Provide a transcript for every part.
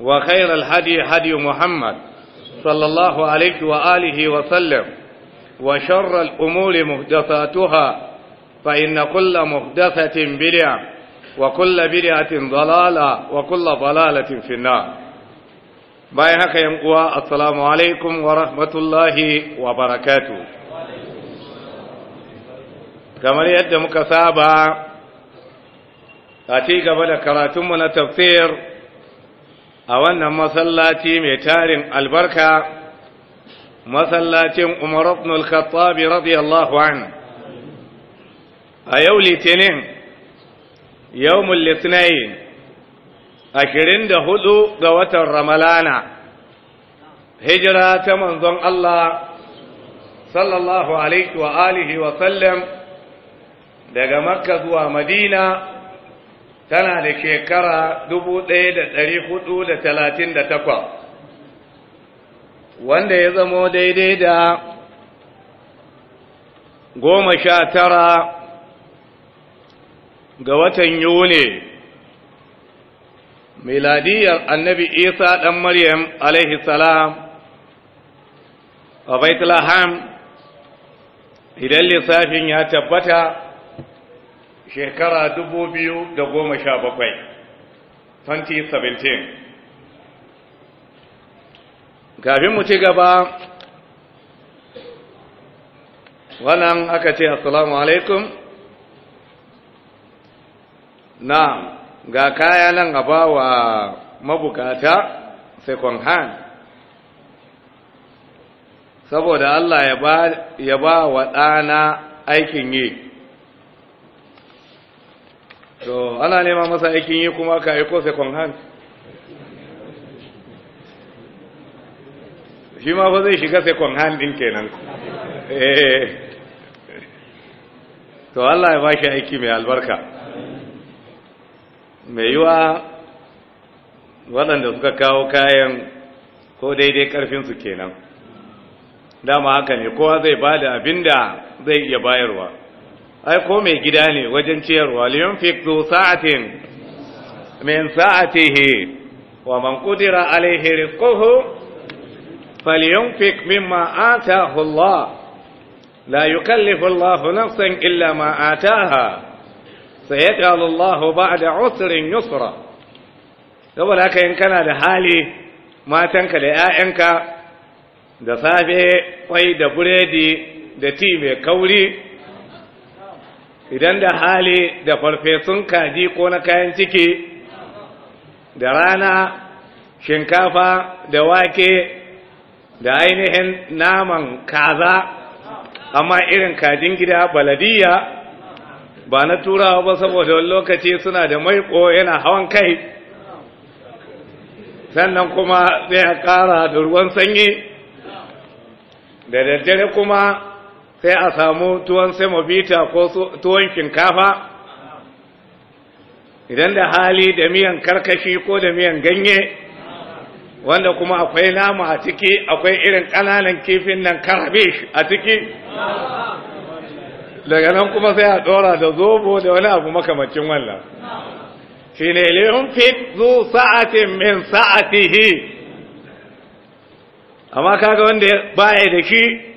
وخير الهدي هدي محمد صلى الله عليه وآله وسلم وشر الأمور مهدفاتها فإن كل مهدفة بدعة وكل بدعة ضلالة وكل ضلالة في النار باي هكا ينقوى السلام عليكم ورحمة الله وبركاته كما يد مكسابة أتيك بدا كراتم تفسير a wannan masallaci mai tarin albarka masallacin umar ibn al radiyallahu an a yau litinin yawmul litnayn ashirin da hudu ga watan ramalana hijira ta manzon Allah sallallahu alaihi wa alihi wa sallam daga makka zuwa madina tana da shekara dubu ɗaya da da da ɗari talatin takwa. wanda ya zamo daidai da goma sha tara ga watan yuli miladiyar annabi isa ɗan maryam alaihi salam a Baitulaham idan lissafin ya tabbata shekara dubu biyu da goma 2017 2017 kafin mu ci gaba wannan aka ce assalamu alaikum na ga kaya nan a ba wa mabukata second hand saboda Allah ya ba wa ɗana aikin yi to ana nema masa aikin yi kuma ka aiko second hand shi ma fa zai shiga second hand din kenan eh. to Allah ya bashi aiki mai albarka mai yiwa waɗanda suka kawo kayan ko daidai ƙarfinsu kenan dama haka ne kowa zai ba da abin da zai iya bayarwa ai ko mai gida ne wajen ciyarwa liyun fikto sa'atin min sa'atihi wa man qudira alaihi rizquhu falyunfik mimma ataahu Allah la yukallifu Allah nafsan illa ma ataaha sayaj'alu Allah ba'da usrin yusra saboda haka in kana da hali matanka da 'ya'yanka da safe kwai da buredi da ti mai kauri idan da hali da farfesun kaji ko na kayan ciki da rana shinkafa da wake da ainihin naman kaza amma irin kajin gida baladiya ba na turawa ba saboda wani lokaci suna da maiko yana hawan kai sannan kuma zai kara da ruwan sanyi da daddare kuma sai a samu tuwon bita ko tuwon shinkafa idan da hali da miyan karkashi ko da miyan ganye wanda kuma akwai nama a ciki akwai irin ƙananan kifin nan karabe a ciki daga nan kuma sai a ɗora da zobo da wani abu makamacin wannan shi ne liyun fit zu sa'atin min sa'atihi amma kaga wanda baya da shi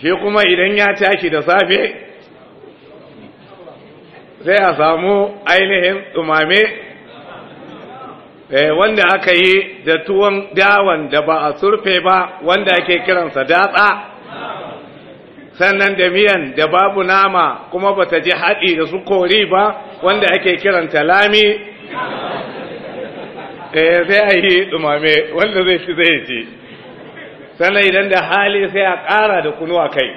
shi kuma idan ya tashi da safe sai a samu ainihin tsumame eh, wanda aka yi da tuwon dawan da ba a surfe ba wanda ake kiransa datsa sannan da miyan da babu nama kuma ba ta ji haɗi da su kori ba wanda ake kiranta lami eh, sai a yi tsumame wanda zai ci zai ci sannan idan da hali sai a ƙara da kunu a kai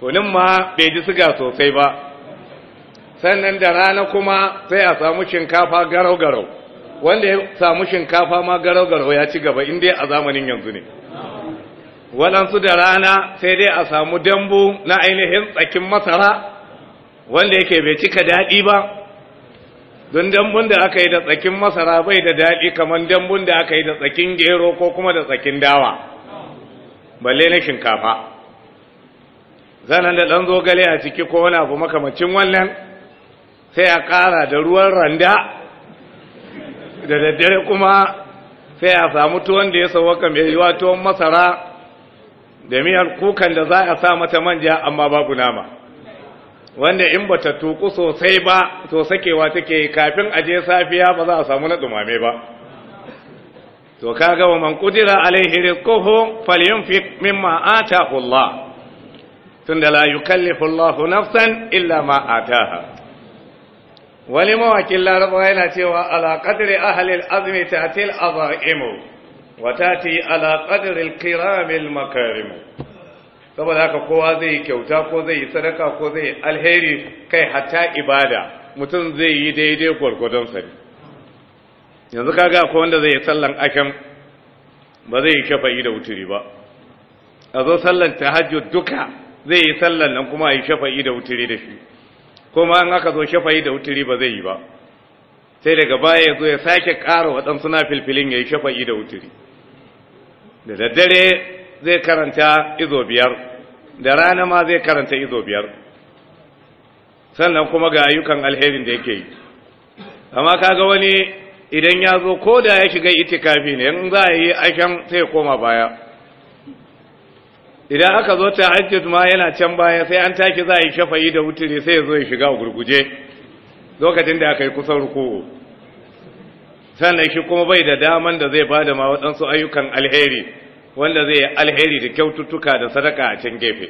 kunin ma bai ji siga sosai ba sannan da rana kuma sai a samu shinkafa garau-garau wanda ya samu shinkafa ma garau-garau ya ci gaba inda a zamanin yanzu ne waɗansu da rana sai dai a samu dambu na ainihin tsakin masara wanda yake bai cika daɗi ba don dambun da aka yi da tsakin masara bai da daɗi kamar dambun da aka yi da tsakin gero ko kuma da tsakin dawa balle na shinkafa zanen da ɗan zogale a ciki ko wani abu makamacin wannan sai a ƙara da ruwan randa da daddare kuma sai a samu tuwon da ya sauwaka mai yiwa tuwon masara da miyar kukan da za a sa mata manja amma babu nama wanda in bata tuku sosai ba to sakewa take kafin aje safiya ba za a samu na dumame ba to kaga wa man qudira alaihi rizquhu falyunfiq mimma ataahu Allah tunda la yukallifu Allahu nafsan illa ma ataha wani mawakin laraba yana cewa ala qadri ahli al-azmi ta'til azaimu wa tati ala qadri al-kiram al-makarim saboda haka kowa zai yi kyauta ko zai yi sadaka ko zai yi alheri kai hatta ibada mutum zai yi daidai gwargwadon sa ne yanzu kaga ko wanda zai yi sallan akan ba zai yi shafa'i da wuturi ba a zo sallan tahajjud duka zai yi sallan nan kuma yi shafa'i da wuturi da shi kuma an aka zo shafa'i da wuturi ba zai yi ba sai daga baya ya zo ya sake ƙara waɗansu na filfilin ya yi shafa'i da wuturi da daddare zai karanta izo biyar da rana ma zai karanta izo biyar sannan kuma ga ayyukan alherin da yake yi amma kaga wani idan ya zo ko da ya shiga itikafi ne in za a yi ashen sai koma baya idan aka zo ta hajjit ma yana can baya sai an take za a yi shafayi da wuturi sai ya zo ya shiga gurguje lokacin da aka yi kusan ruku'u sannan shi kuma bai da daman da zai ba da ma waɗansu ayyukan alheri wanda zai alheri da kyaututtuka da sadaka a can gefe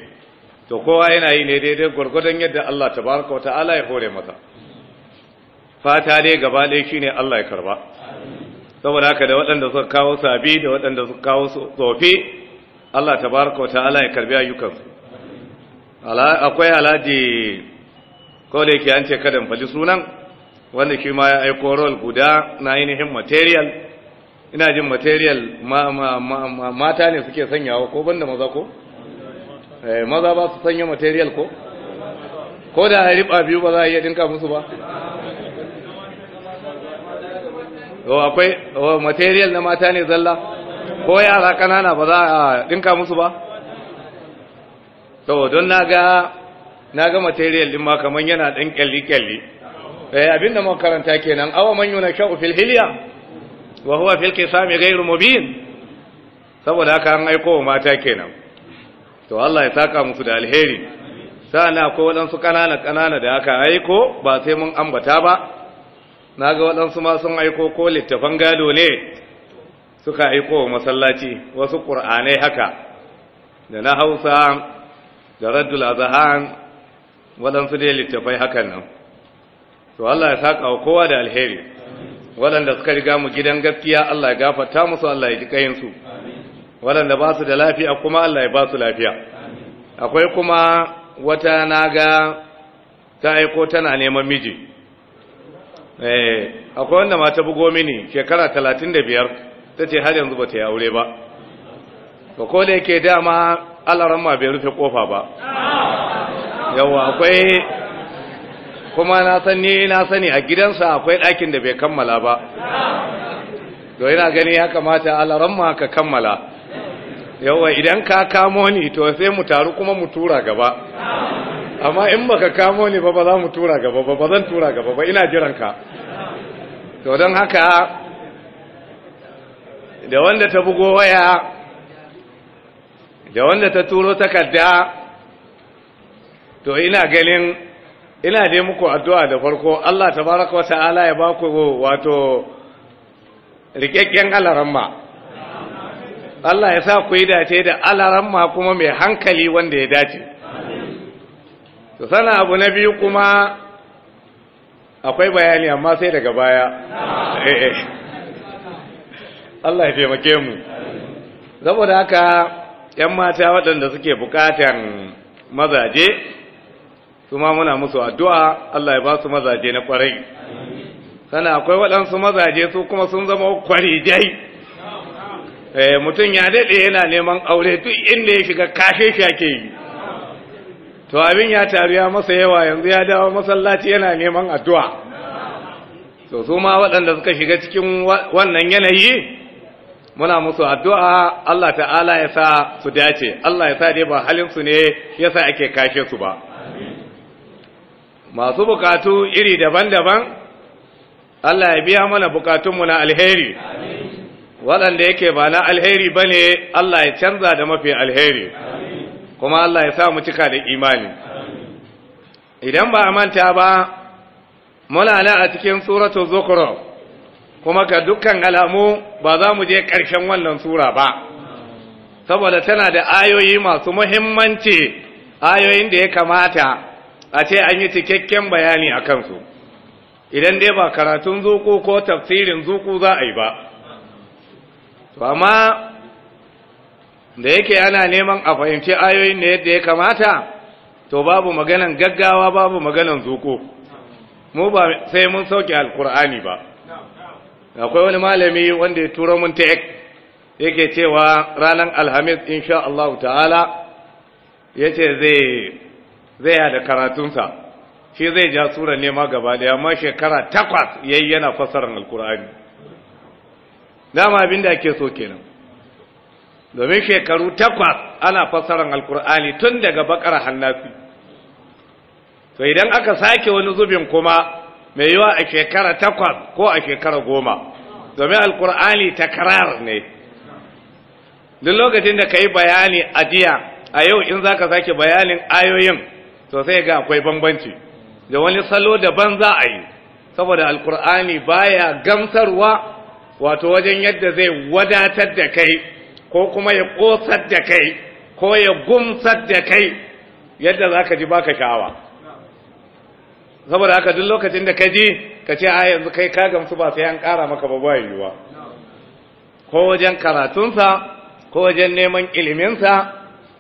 to kowa yana yi ne daidai gwargwadon yadda Allah tabaraka wa ta'ala ya hore masa fata dai gaba ɗaya shine Allah ya karba saboda haka da waɗanda suka kawo sabi da waɗanda suka kawo tsofi Allah tabaraka wa ta'ala ya karbi ayyukansu akwai alhaji ko da yake an ce kadan sunan wanda shi ma ya aiko rol guda na ainihin material ina jin material mata ne suke sanyawa ko banda maza ko eh, maza ba su sanya material ko ko da a riba biyu ba za a iya dinka musu ba akwai material na mata ne zalla ko yara kanana ba za a dinka musu ba to don naga naga material din ma kaman yana dan kyalli kyalli eh abinda mun karanta kenan awa man yuna sha'u fil hilya wa huwa fil kisami ghairu mubin saboda haka an wa mata kenan to Allah ya saka musu da alheri sana akwai waɗansu kanana kanana da aka aiko ba sai mun ambata ba na ga waɗansu ma sun aiko ko littafan gado ne suka aiko wa masallaci wasu ƙur'anai haka da na hausa da raddul azahan wadansu dai littafai hakan nan to Allah ya saka wa kowa da alheri waɗanda suka riga mu gidan gaskiya Allah ya gafarta musu Allah ya ji kayinsu waɗanda ba su da lafiya kuma Allah ya ba su lafiya akwai kuma wata naga ta aiko tana neman miji eh akwai wanda mata bugo mini shekara talatin da 35 tace har yanzu bata yi aure ba Ba ko da yake dama Allah bai rufe kofa ba yawa akwai kuma na san ni na sani a gidansa akwai ɗakin da bai kammala ba to yana gani ya kamata alaramma ka kammala yawa idan ka kamo ni to sai mu taru kuma mu tura gaba amma in baka kamo ni ba ba za mu tura gaba ba ba zan tura gaba ba ina jiran ka to don haka da wanda ta bugo waya da wanda ta turo takarda to ina ganin ina dai muku addu'a da farko Allah tabaraka wa ta'ala ya baku wato rikakken alaramma Allah ya sa ku yi dace da alaramma kuma mai hankali wanda ya dace to sana abu na biyu kuma akwai bayani amma sai daga baya Allah ya taimake mu saboda haka ‘yan mata waɗanda suke bukatan mazaje’ su ma muna musu addu'a Allah ya ba su mazaje na ƙwarai Sana akwai waɗansu mazaje su kuma sun zama kwarijai eh, mutum ya daɗe yana neman aure duk inda ya shiga kashe shi ake yi to abin ya taru ya masa yawa yanzu ya dawo masallaci yana neman addu'a to su ma waɗanda suka shiga cikin wannan yanayi muna musu addu'a Allah ta'ala ya sa su dace Allah ya sa dai ba halinsu ne ya sa ake kashe su ba masu bukatu iri daban-daban Allah ya biya mana bukatunmu na alheri waɗanda yake ba na alheri ba ne Allah ya canza da mafi alheri kuma Allah ya sa mu cika da imani idan ba a manta ba muna nan a cikin suratul zukhruf kuma ga dukkan alamu ba za mu je ƙarshen wannan sura ba saboda tana da ayoyi masu muhimmanci ayoyin da ya kamata a ce an yi cikakken bayani a kansu idan dai ba karatun zuku ko tafsirin zuku za a yi ba to amma da yake ana neman a fahimci ayoyin da yadda ya kamata to babu maganan gaggawa babu maganan zuku mu ba sai mun sauke alkur'ani ba akwai wani malami wanda ya turo mun ta yake cewa ranar alhamis insha Allah ta'ala yace zai zai da karatunsa shi zai ja sura nema gaba daya amma shekara takwas yayi yana fasarar alkur'ani dama abin da ake so kenan domin shekaru takwas ana fasarar alkur'ani tun daga bakar hannafi to idan aka sake wani zubin kuma mai yiwa a shekara takwas ko a shekara goma domin alkur'ani takarar ne duk lokacin da ka yi bayani a jiya a yau in za ka sake bayanin ayoyin to sai ga akwai bambanci da wani salo daban za a yi saboda alkur'ani baya gamsarwa wato wajen yadda zai wadatar da kai ko kuma ya kosar da kai ko ya gumsar da kai yadda za ka ji baka sha'awa saboda haka duk lokacin da ka ji ka ce a yanzu kai ka gamsu ba sai an kara maka ba ba yiwuwa ko wajen karatunsa ko wajen neman iliminsa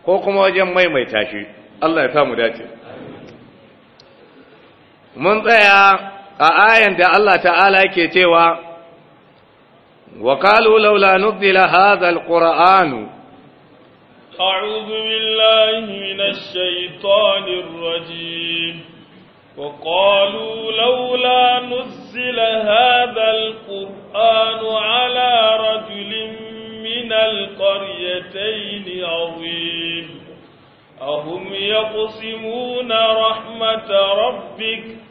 ko kuma wajen maimaita shi Allah ya samu dace mun tsaya a ayan da Allah ta'ala yake cewa wa qalu laula nuzila hadha alquran a'udhu billahi minash shaitanir rajim wa qalu laula nuzila hadha alquran ala rajulin min alqaryatayn awim ahum yaqsimuna rahmat rabbika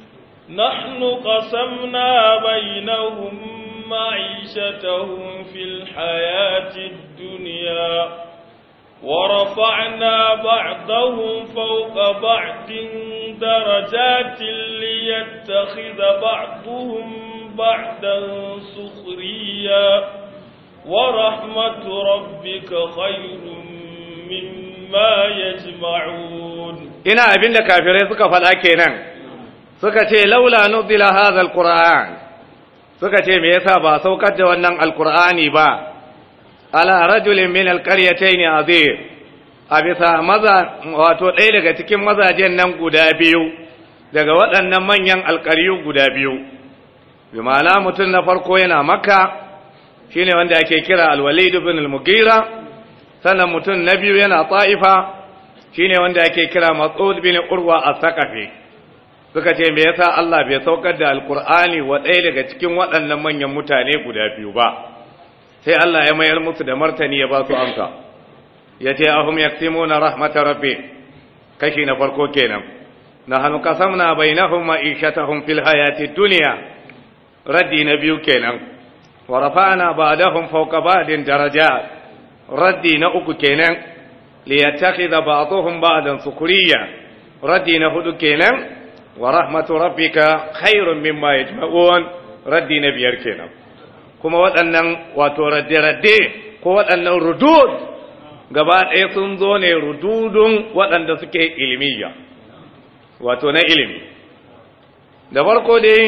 نحن قسمنا بينهم معيشتهم في الحياة الدنيا ورفعنا بعضهم فوق بعض درجات ليتخذ بعضهم بعدا سخريا ورحمة ربك خير مما يجمعون ina abinda kafirai suka faɗa kenan suka ce laula nuzila hadha alquran suka ce me yasa ba saukar da wannan alqurani ba ala rajulin min alqaryatayn azir, a bisa maza wato ɗaya daga cikin mazajen nan guda biyu daga waɗannan manyan alƙaryu guda biyu bi ma'ana mutum na farko yana makka shine wanda ake kira alwalid ibn al-mughira sannan mutum na biyu yana ta'ifa shine wanda ake kira mas'ud bin urwa as-saqafi suka ce me yasa Allah bai saukar da alkur'ani wa ɗaya daga cikin waɗannan manyan mutane guda biyu ba sai Allah ya mayar musu da martani ya ba su amsa ya ce ahum na rahmatar rabbi kashi na farko kenan nahnu na bainahum ma'ishatahum fil hayati duniya. raddi na biyu kenan wa rafa'na ba'dahum fawqa ba'din daraja. raddi na uku kenan ba ba'dahum ba'dan sukuriya raddi na hudu kenan wa rahmatu rabbika khairun mimma yajma'un raddi na biyar kenan kuma waɗannan wato radde-radde ko waɗannan rudud gaba ɗaya sun zo ne rududun waɗanda suke ilmiya wato na ilimi da farko dai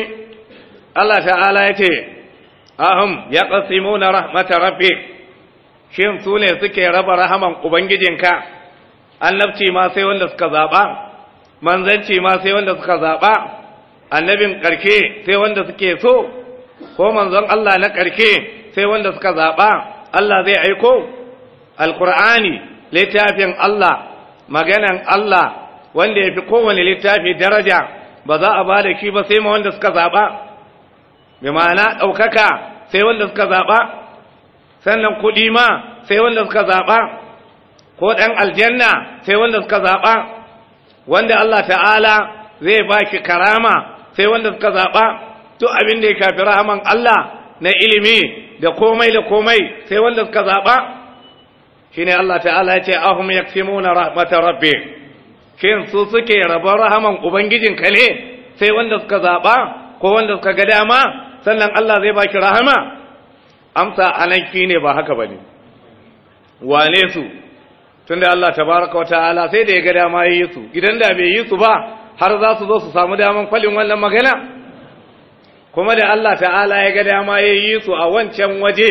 Allah ta'ala ya ce ahum ya ƙasimu na rahmata shin su ne suke raba rahaman ubangijinka annabci ma sai wanda suka zaɓa manzanci ma sai wanda suka zaɓa annabin ƙarke sai wanda suke so ko manzon Allah na ƙarke sai wanda suka zaɓa Allah zai aiko alkur'ani littafin Allah maganan Allah wanda ya fi kowane littafi daraja ba za a bada ki ba sai ma wanda suka zaɓa bi ma'ana ɗaukaka sai wanda suka zaɓa sannan kuɗi ma sai wanda suka zaɓa ko ɗan aljanna sai wanda suka zaɓa wanda Allah ta'ala zai ba shi karama sai wanda suka zaɓa duk abin da ya shafi rahaman Allah na ilimi da komai da komai sai wanda suka zaɓa shine Allah ta'ala ya ce ahum yaksimuna rahmatar rabbi shin su suke rabon rahaman ubangijin ka ne sai wanda suka zaɓa ko wanda suka ga dama sannan Allah zai ba shi rahama amsa anan ne ba haka bane wane su tunda Allah tabaraka wa ta'ala sai da ya ga dama ya yi su idan da bai yi su ba har za su zo su samu daman kwalin wannan magana kuma da Allah ta'ala ya ga dama ya su a wancan waje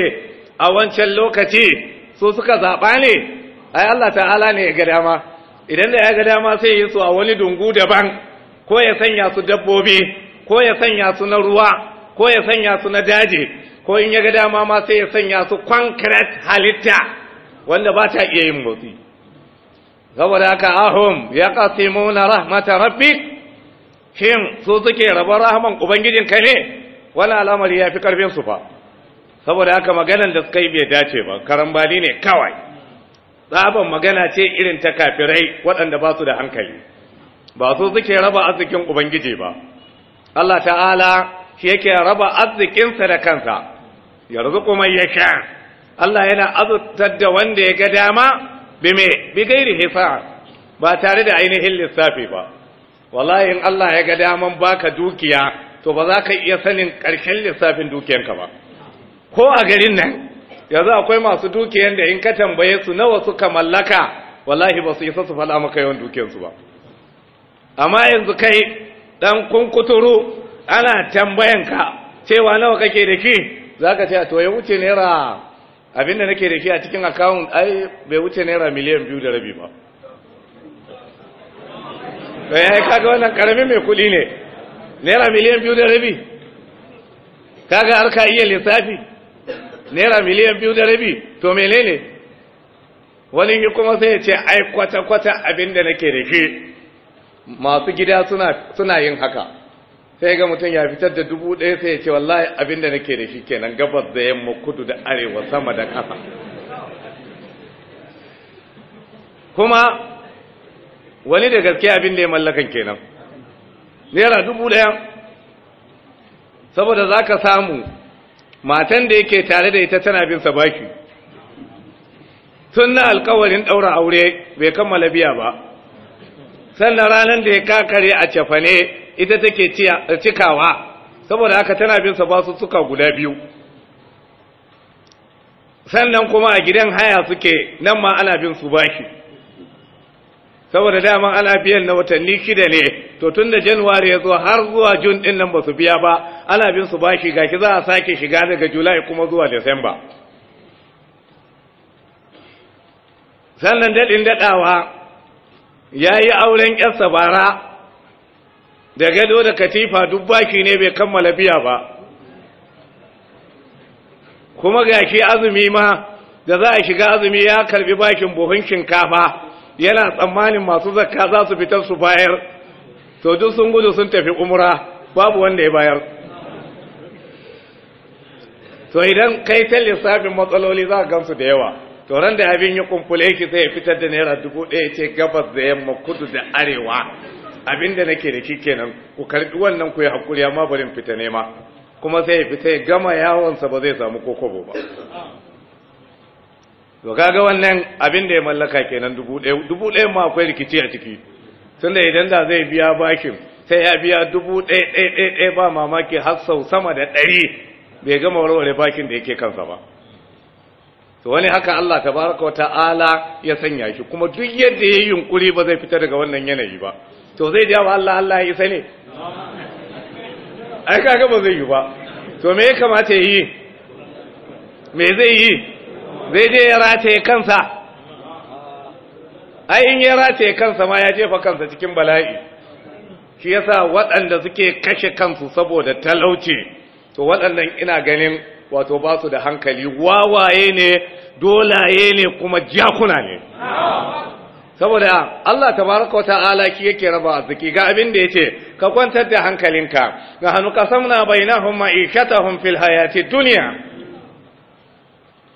a wancan lokaci su suka zaɓa ne ai Allah ta'ala ne ya ga dama idan da ya ga dama sai yi su a wani dungu daban ko ya sanya su dabbobi ko ya sanya su na ruwa ko ya sanya su na daji ko in ya ga dama ma sai ya sanya su concrete halitta wanda ba ta iya yin motsi saboda haka ahum ya qasimuna rahmata rabbi. shin su suke rabon rahman ubangijin ka ne Wani al'amari ya fi karfin su fa saboda haka maganan da suka yi bai dace ba karambani ne kawai tsaban magana ce irin ta kafirai waɗanda ba su da hankali ba su suke raba arzikin ubangiji ba Allah ta'ala shi yake raba arzikinsa da kansa yanzu ya yasha Allah yana azurtar da wanda ya ga dama bi me bi gairi ba tare da ainihin lissafi ba wallahi in Allah ya ga daman baka dukiya to ba za ka iya sanin ƙarshen lissafin dukiyanka ba ko a garin nan yanzu akwai masu dukiyan da in ka tambaye su nawa suka mallaka wallahi ba su isa su faɗa maka yawan dukiyansu ba amma yanzu kai dan kunkuturu ana tambayanka cewa nawa kake da ki zaka ce to ya wuce naira abinda nake da shi a cikin akawun ai bai wuce naira miliyan biyu da rabi ba bai eh, ya kaga wannan karamin mai kuɗi ne naira miliyan biyu da rabi kaga har ka iya lissafi naira miliyan biyu da rabi to ne? wani yi kuma sai ya ce ai kwata-kwata abinda nake da shi masu gida suna yin haka sai ga mutum ya fitar da dubu ɗaya sai ya ce wallahi abin nake da shi kenan gabas da yamma kudu da arewa sama da ƙasa kuma wani da gaske abin da ya mallakan kenan naira dubu ɗaya saboda za ka samu matan da yake tare da ita tana bin sabaki tun na alkawarin ɗaura aure bai kammala biya ba sannan ranar da ya kakare a cefane ita take cikawa saboda haka tana bin sa basu suka guda biyu sannan kuma a gidan haya suke nan ma ana bin su shi saboda daman ana biyan na watanni shida ne to tun da januwari ya zo har zuwa jun din nan ba su biya ba ana bin su shi gashi za a sake shiga daga julai kuma zuwa disamba sannan daɗin daɗawa ya yi auren 'yarsa bara da gado da katifa duk baki ne bai kammala biya ba kuma ga shi azumi ma da za a shiga azumi ya karbi bakin buhun shinkafa yana tsammanin masu zakka za su fitar su bayar to duk sun gudu sun tafi umra babu wanda ya bayar to idan kai ta lissafin matsaloli za ka gansu da yawa to ran da abin ya kumfule ki sai ya fitar da naira dubu ɗaya ce gabas da yamma kudu da arewa abinda nake da kikenan, kenan ku karbi wannan ku yi hakuri amma barin fita nema kuma sai ya fita ya gama yawansa ba zai samu kokobo ba to kaga wannan abin da ya mallaka kenan dubu ɗaya dubu ɗaya ma akwai rikici a ciki sanda idan da zai biya bakin sai ya biya dubu ɗaya ɗaya ɗaya ba mamaki har sau sama da ɗari bai gama warware bakin da yake kansa ba to wani haka Allah tabaraka wa ta'ala ya sanya shi kuma duk yadda yayi yunkuri ba zai fita daga wannan yanayi ba to zai wa Allah Allah ya isa ai kaga ba zai yi ba to me ya kamata yi me zai yi zai je ya rataye kansa ai in ya rataye kansa ma ya jefa kansa cikin bala'i shi yasa waɗanda suke kashe kansu saboda talauci to waɗannan ina ganin wato ba su da hankali wawaye ne dolaye ne kuma jakuna ne saboda Allah tabaraka wa ta'ala ki yake raba arziki ga abin da yace ka kwantar da hankalinka ga hanu qasamna bainahum ma'ikatahum fil hayati dunya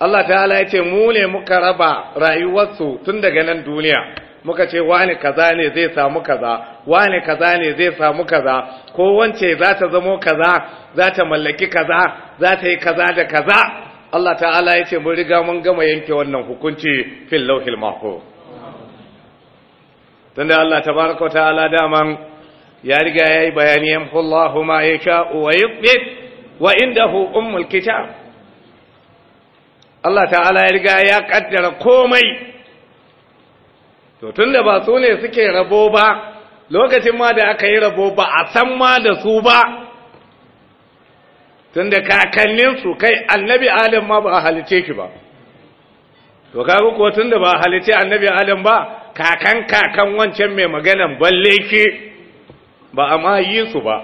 Allah ta'ala yace mu ne muka raba rayuwarsu tun daga nan duniya muka ce wani kaza ne zai samu kaza wani kaza ne zai samu kaza ko wance za ta zamo kaza za ta mallaki kaza za ta yi kaza da kaza Allah ta'ala yace mun riga mun gama yanke wannan hukunci fil lawhil mahfuz da Allah Ta tabaraka ta'ala daman ya riga yayi bayani yamhullahu ma sha wa yuthbit wa inda hu ummul kita Allah ta'ala ya riga ya kaddara komai to da ba su ne suke rabo ba lokacin ma da aka yi rabo ba a san ma da su ba Tun da kakannin su kai annabi adam ma ba a halice ki ba to kaga ko tun da ba a halice annabi adam ba kakan kakan wancan mai maganan balle ke ba a ma su ba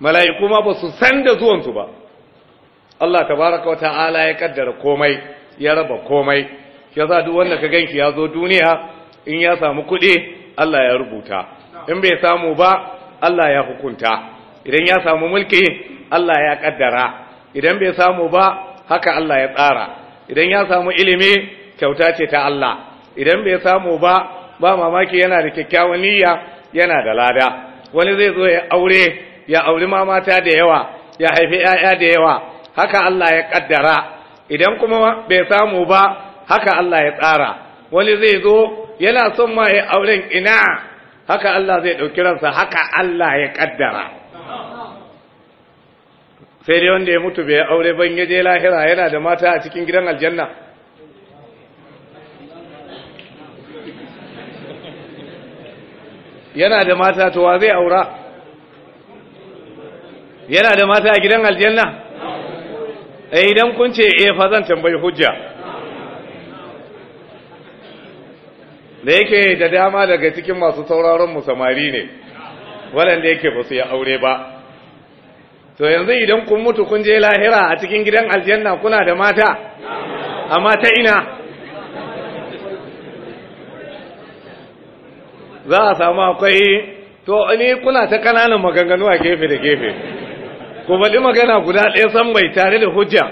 mala'iku ma ba su san da zuwansu ba Allah tabaraka wa ta'ala ya kaddara komai ya raba komai ya sa duk wanda ka ganki ya zo duniya in ya samu kuɗi Allah ya rubuta in bai samu ba Allah ya hukunta idan ya samu mulki Allah ya kaddara idan bai samu ba haka Allah ya tsara idan ya samu ilimi kyauta ce ta Allah idan bai samu ba ba mamaki yana da kyakkyawan niyya yana da lada wani zai zo ya aure ya auri ma mata da yawa ya haifi ‘ya'ya da yawa haka Allah ya ƙaddara idan kuma bai samu ba haka Allah ya tsara wani zai zo yana son ma ya auren ina haka Allah zai ɗauki ransa haka Allah ya ƙaddara sai dai wanda ya mutu bai aure ban ya je lahira yana da mata a cikin gidan aljanna yana da mata to zai aura yana da mata a gidan aljanna eh idan kun ce e fa zan tambayi hujja da yake da dama daga cikin masu sauraron mu samari ne waɗanda yake ba su yi aure ba to yanzu idan kun mutu kun je lahira a cikin gidan aljanna kuna da mata amma ta ina za a samu akwai to ni kuna ta kananan maganganu a gefe da gefe ku bali magana guda ɗaya san mai tare da hujja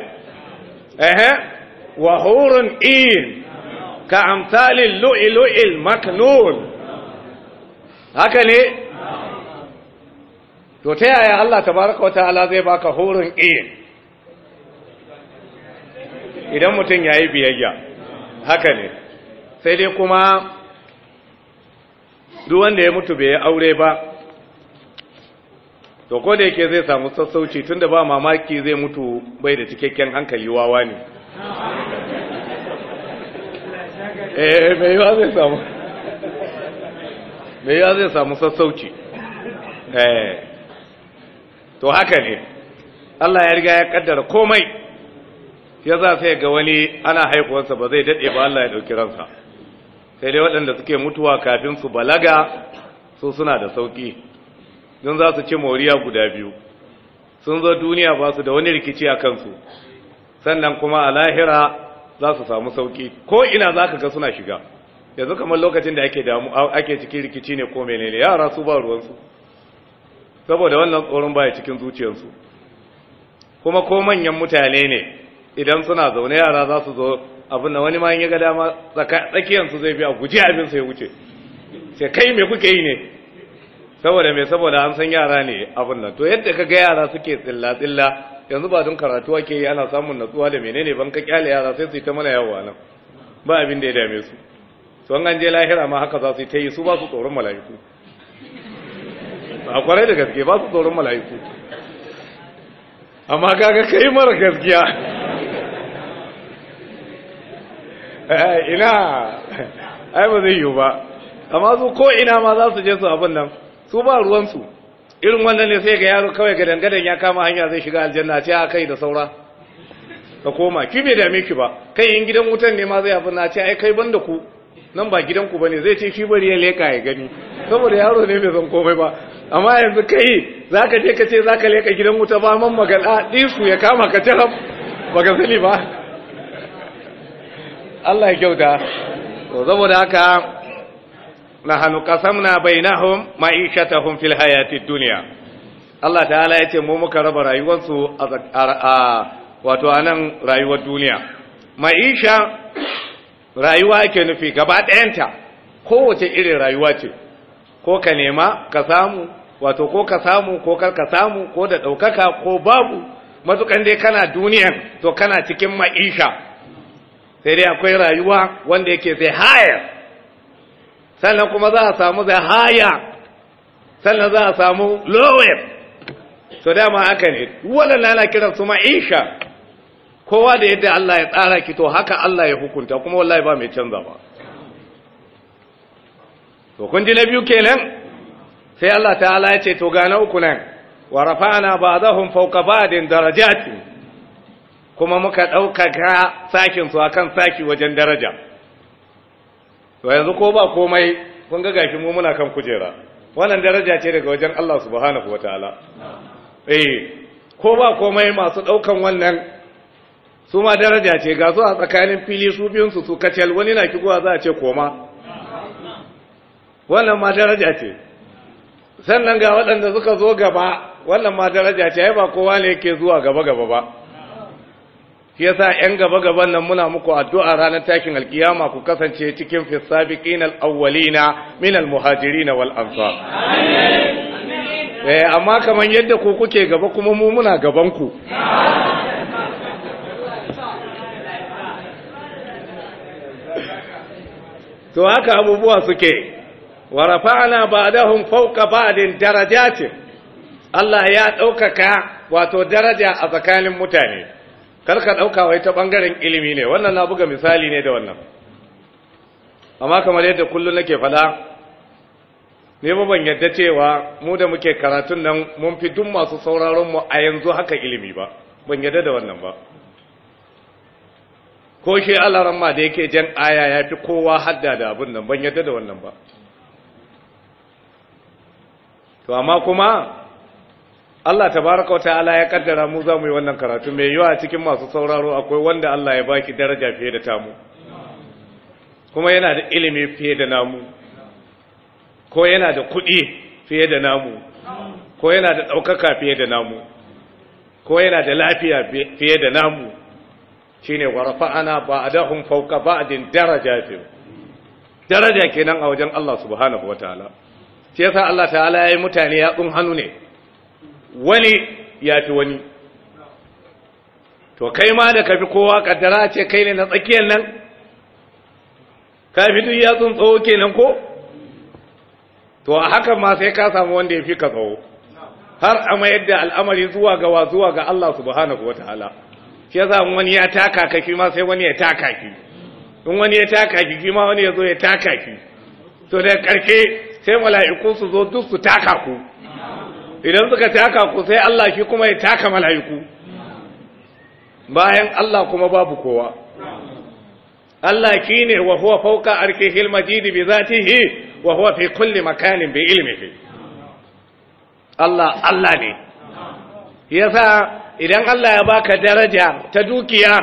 ehe wa hurun in ka amsalin lu'ilu'il maknun haka ne to ta yaya Allah tabaraka wa ta'ala zai baka hurun in idan mutum yayi biyayya haka ne sai dai kuma duk wanda ya mutu bai aure ba to ko da yake zai samu sassauci tunda ba mamaki zai mutu bai da cikakken hankali wawa ne eh mai yawa zai samu mai yawa zai samu sassauci eh to haka ne Allah ya riga ya kaddara komai ya za sai ga wani ana haihuwarsa ba zai daɗe ba Allah ya ɗauki ransa sai dai waɗanda suke mutuwa kafin su balaga su suna da sauƙi don za su ci moriya guda biyu sun zo duniya ba su da wani rikici a kansu sannan kuma a lahira za su samu sauƙi ko ina za ka ga suna shiga yanzu kamar lokacin da ake damu ake cikin rikici ne ko menene yara su ba ruwansu saboda wannan tsoron baya cikin zuciyarsu kuma ko manyan mutane ne idan suna zaune yara za su zo abin da wani ma yin ya ga dama tsakiyansu zai biya guji abin sai wuce sai kai mai kuke yi ne saboda me saboda an san yara ne abin nan to yadda ka ga yara suke tsilla tsilla yanzu ba don karatu ake yi ana samun natsuwa da menene ban ka kyale yara sai su yi ta mana yawa nan ba abin da ya dame su to an je lahira ma haka za su yi ta yi su ba su tsoron mala'iku a kwarai da gaske ba su tsoron mala'iku amma kaga kai mara gaskiya Eh, ina ai ba zai yiwu ba amma su ko ina ma za su je su abin nan su ba ruwansu irin wannan ne sai ga yaro kawai ga dangadan ya kama hanya zai shiga aljanna ce a kai da saura ka koma ki bai dame ki ba kai in gidan wutan ne ma zai abin na ce ai kai banda ku nan ba gidan ku bane zai ce shi bari ya leka ya gani saboda yaro ne bai san komai ba amma yanzu kai zaka je ka ce zaka leka gidan wuta ba man magana disu ya kama ka ba ga sani ba Allah ya kyauta to saboda haka nahnu qasamna bainahum ma'ishatahum fil hayati dunya Allah ta'ala ce mu muka raba rayuwarsu a wato anan rayuwar duniya ma'isha rayuwa ake nufi gaba ɗayanta kowace irin rayuwa ce ko ka nema ka samu wato ko ka samu ko kar ka samu ko da ɗaukaka ko babu matukan dai kana duniya to kana cikin ma'isha sai dai akwai rayuwa wanda yake zai haya sannan kuma za a samu zai haya sannan za a samu lower to dama haka ne waɗanda ana kiran su ma'isha kowa da yadda Allah ya tsara ki to haka Allah ya hukunta kuma wallahi ba mai canza ba to kun ji na biyu kenan sai Allah ta'ala ya ce to gane na uku nan wa rafa'ana fauka da din darajati kuma muka ɗaukaka sakinsu a kan saki wajen daraja to yanzu ko ba komai kun ga gashi mu muna kan kujera wannan daraja ce daga wajen Allah subhanahu wataala eh ko ba komai masu ɗaukan wannan su ma daraja ce ga su a tsakanin fili su biyunsu su kacal wani na kigowa za a ce koma wannan ma daraja ce sannan ga waɗanda suka zo gaba wannan ma daraja ce ai ba kowa ne yake zuwa gaba gaba ba shi yasa yan gaba gaban nan muna muku addu'a ranar takin alkiyama ku kasance cikin fisabiqin alawwalina min almuhajirin wal ansar eh amma kaman yadda ku kuke gaba kuma mu muna gaban ku to haka abubuwa suke wa rafa'na ba'dahum fawqa ba'din darajatin Allah ya ɗaukaka wato daraja a tsakanin mutane karka ɗauka wai ta ɓangaren ilimi ne wannan na buga misali ne da wannan amma kamar yadda kullum nake fada ne ba ban yadda cewa mu da muke karatun nan mun fi duk masu sauraron mu a yanzu haka ilimi ba ban yadda da wannan ba ko shi alaran ma da yake jan aya ya fi kowa hadda da abin nan ban yadda da wannan ba to amma kuma Allah tabaraka wata ta'ala ya kaddara mu za mu yi wannan karatu mai yiwa cikin masu sauraro akwai wanda Allah ya baki daraja fiye da tamu kuma yana da ilimi fiye da namu ko yana da kuɗi fiye da namu ko yana da ɗaukaka fiye da namu ko yana da lafiya fiye da namu shine wa rafa'ana ba'dahum fawqa ba'din darajatin daraja kenan a wajen Allah subhanahu wataala shi yasa Allah ta'ala yi mutane ya hannu ne wani ya fi wani to kai ma da ka fi kowa kaddara ce kai ne na tsakiyar nan ka fi duk yatsun tsawo kenan ko to a hakan ma sai ka samu wanda ya fi ka tsawo har a mayar da al'amari zuwa ga wa zuwa ga Allah subhanahu wataala shi yasa wani ya taka ka ki ma sai wani ya taka ki in wani ya taka ki ki ma wani ya zo ya taka ki to da karke sai mala'iku su zo duk su taka ku idan suka taka ku sai Allah shi kuma ya taka mala'iku bayan Allah kuma babu kowa Allah ki ne wa huwa fauka arkihil majidi bi zatihi wa huwa fi kulli makanin bi ilmihi Allah Allah ne yasa idan Allah ya baka daraja ta dukiya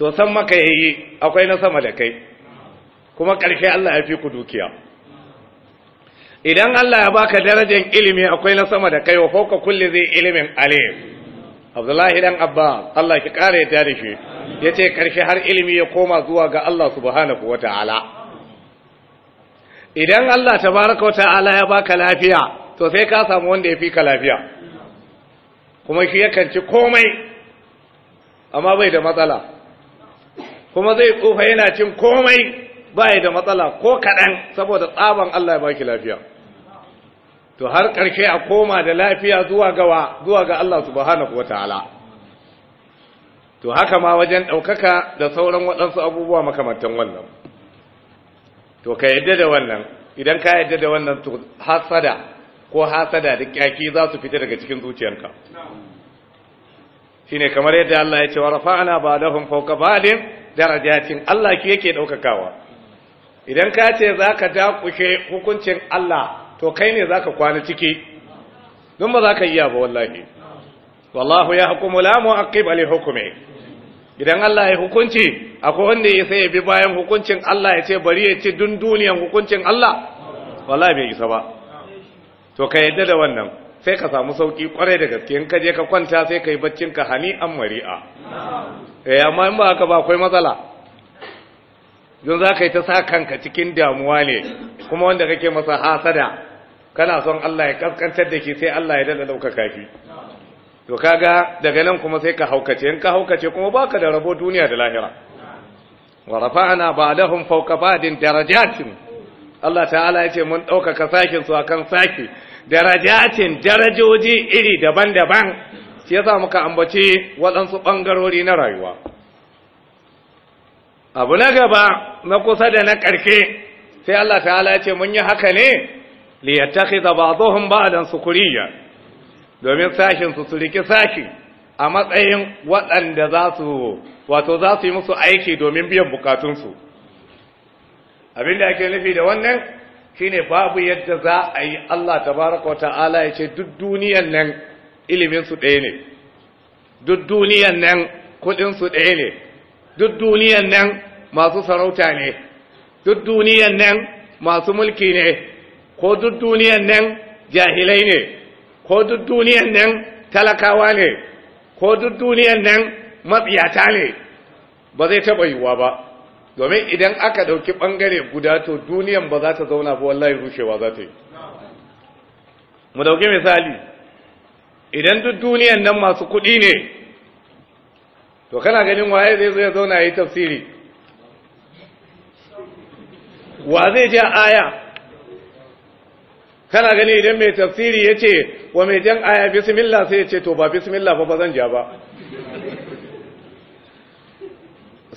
to san maka yayi akwai na sama da kai kuma ƙarshe Allah ya fi ku dukiya idan Allah ya baka darajar ilimi akwai na sama da kai wa fauka kulli zai ilimin alif Abdullahi dan Abba Allah ki kare ya tare shi yace karshe har ilimi ya koma zuwa ga Allah subhanahu wataala idan Allah tabaraka wataala ya baka lafiya to sai ka samu wanda ya fi ka lafiya kuma shi yakan ci komai amma bai da matsala kuma zai tsufa yana cin komai bai da matsala ko kaɗan saboda tsaban Allah ya baki lafiya to har ƙarshe a koma da lafiya zuwa gawa zuwa ga Allah subhanahu wataala to haka ma wajen ɗaukaka da sauran waɗansu abubuwa makamantan wannan to ka yadda da wannan idan ka yadda da wannan to hasada ko hasada da kyaki za su fita daga cikin zuciyarka shine kamar yadda Allah ya ce wa rafa'na ba'dahum fawqa ba'din darajatin Allah ki yake ɗaukakawa idan ka ce zaka dakushe hukuncin Allah to kai ne za ka kwana ciki don ba za ka iya ba wallahi wallahu ya hukumu la mu'aqqib li hukmi idan Allah ya hukunci akwai wanda ya sai ya bi bayan hukuncin Allah ya ce bari ya ce dun duniyan hukuncin Allah wallahi bai isa ba to ka yadda da wannan sai ka samu sauki kwarai da gaske in ka je ka kwanta sai ka yi baccin ka hani an mari'a eh amma in ba haka ba akwai matsala don za ka yi ta sa kanka cikin damuwa ne kuma wanda kake masa hasada kana son Allah ya kaskantar da ke sai Allah ya dada ɗaukaka shi to kaga daga nan kuma sai ka haukace in ka haukace kuma baka da rabo duniya da lahira wa rafa'na ba'dahum fawqa ba'din darajatin Allah ta'ala ya ce mun ɗaukaka sakin su akan saki darajatin darajoji iri daban-daban shi yasa muka ambaci waɗansu ɓangarori na rayuwa abu na gaba na kusa da na ƙarfe sai Allah ta'ala ya ce mun yi haka ne li yattakhidha ba'dhum ba'dan kuriya domin sashin su su riki sashi a matsayin waɗanda za su wato za su yi musu aiki domin biyan bukatunsu abinda ake nufi da wannan shine babu yadda za a yi Allah tabaraka ta'ala ya ce duk duniyan nan ilimin su ɗaya ne duk duniyan nan kuɗin su ɗaya ne duk duniyan nan masu sarauta ne duk duniyan nan masu mulki ne ko duk duniyan nan jahilai ne ko duk duniyan nan talakawa ne ko duk duniyan nan matsiyata ne ba zai taɓa yiwuwa ba domin idan aka ɗauki ɓangare guda to duniyan ba za ta zauna ba wallahi rushewa za ta yi mu ɗauki misali idan duk duniyan nan masu kuɗi ne to kana ganin waye zai zo ya zauna yi tafsiri wa zai ja aya kana gani idan mai tafsiri ya ce wa mai jan aya bismillah sai ya ce to ba bismillah ba ba zan ja ba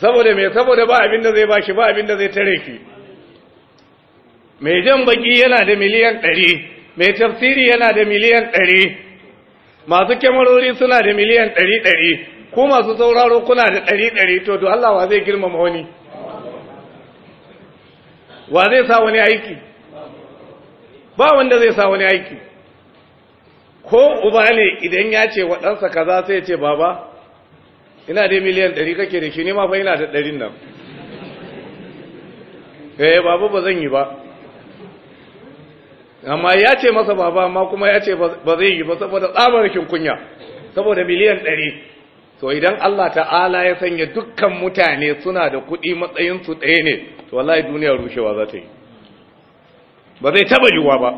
saboda mai saboda ba abin da zai ba shi ba abin da zai tare ki mai jan baki yana da miliyan ɗari mai tafsiri yana da miliyan ɗari masu kyamarori suna da miliyan ɗari ɗari ko masu sauraro kuna da ɗari ɗari to to Allah wa zai girmama wani wa zai sa wani aiki ba wanda zai sa wani aiki ko uba ne idan ya ce waɗansa kaza sai ya ce baba ina da miliyan ɗari kake da shi ne ma fa ina da ɗarin nan eh baba ba zan yi ba amma ya ce masa baba amma kuma ya ce ba zai yi ba saboda tsabar kunya saboda miliyan ɗari to idan Allah ta'ala ya sanya dukkan mutane suna da kuɗi matsayinsu ɗaya ne to wallahi duniya rushewa za ta yi ba zai taba yiwuwa ba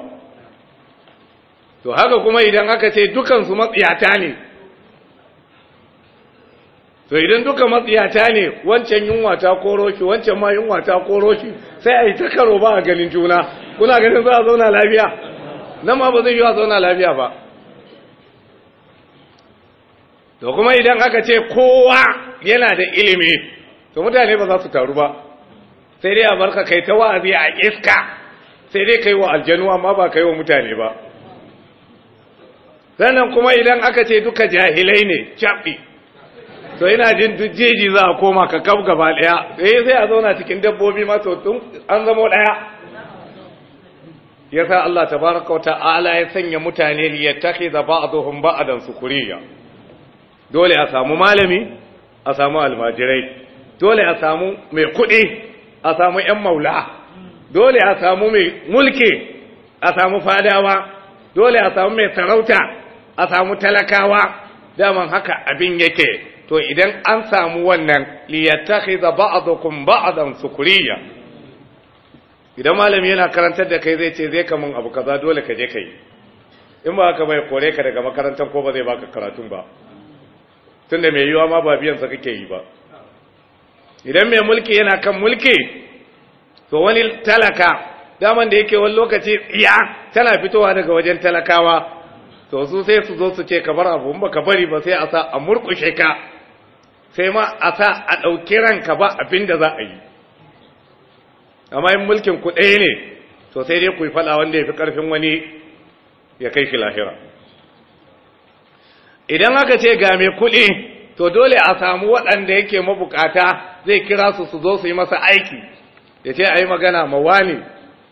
to haka kuma idan aka ce dukansu matsiyata ne to idan duka matsiyata ne wancan yunwa ta koro shi wancan ma yunwa ta koro shi sai a yi ta karo ba a ganin juna kuna ganin za a zauna lafiya nan ma ba zai yi a zauna lafiya ba to kuma idan aka ce kowa yana da ilimi to mutane ba za su taru ba sai dai a barka kai ta wa'azi a iska sai dai kai wa aljanu amma ba kai wa mutane ba sannan kuma idan aka ce duka jahilai ne cabbi to ina jin duk jeji za a koma ka kaf gaba ɗaya sai eh, sai a zauna cikin dabbobi ma to tun an zamo ɗaya yasa Allah tabaraka wa ta'ala ya sanya mutane liyattakhidha ba'dhum ba'dan sukuriya dole a samu malami a samu almajirai dole a samu mai kuɗi a samu 'yan maula dole a samu mai mulki a samu fadawa dole a samu mai sarauta a samu talakawa daman haka abin yake to idan an samu wannan liyattakhidha ba'dukum ba'dan sukuriya idan malami yana karantar da kai zai ce zai ka mun abu kaza dole ka je kai in ba ka bai kore ka daga makarantar ko ba zai baka karatun ba tunda mai yiwa ma ba biyan biyansa kake yi ba idan mai mulki yana kan mulki to wani talaka daman da yake wani lokaci iya tana fitowa daga wajen talakawa to su sai su zo su ce ka bar abu ba ka bari ba sai a sa a murkushe ka sai ma a sa a ɗauki ranka ba abin da za a yi amma in mulkin ku ɗaya ne to sai dai ku yi faɗa wanda ya fi ƙarfin wani ya kai shi lahira idan aka ce ga mai kuɗi to dole a samu waɗanda yake mabukata zai kira su su zo su yi masa aiki ya ce a yi magana ma wani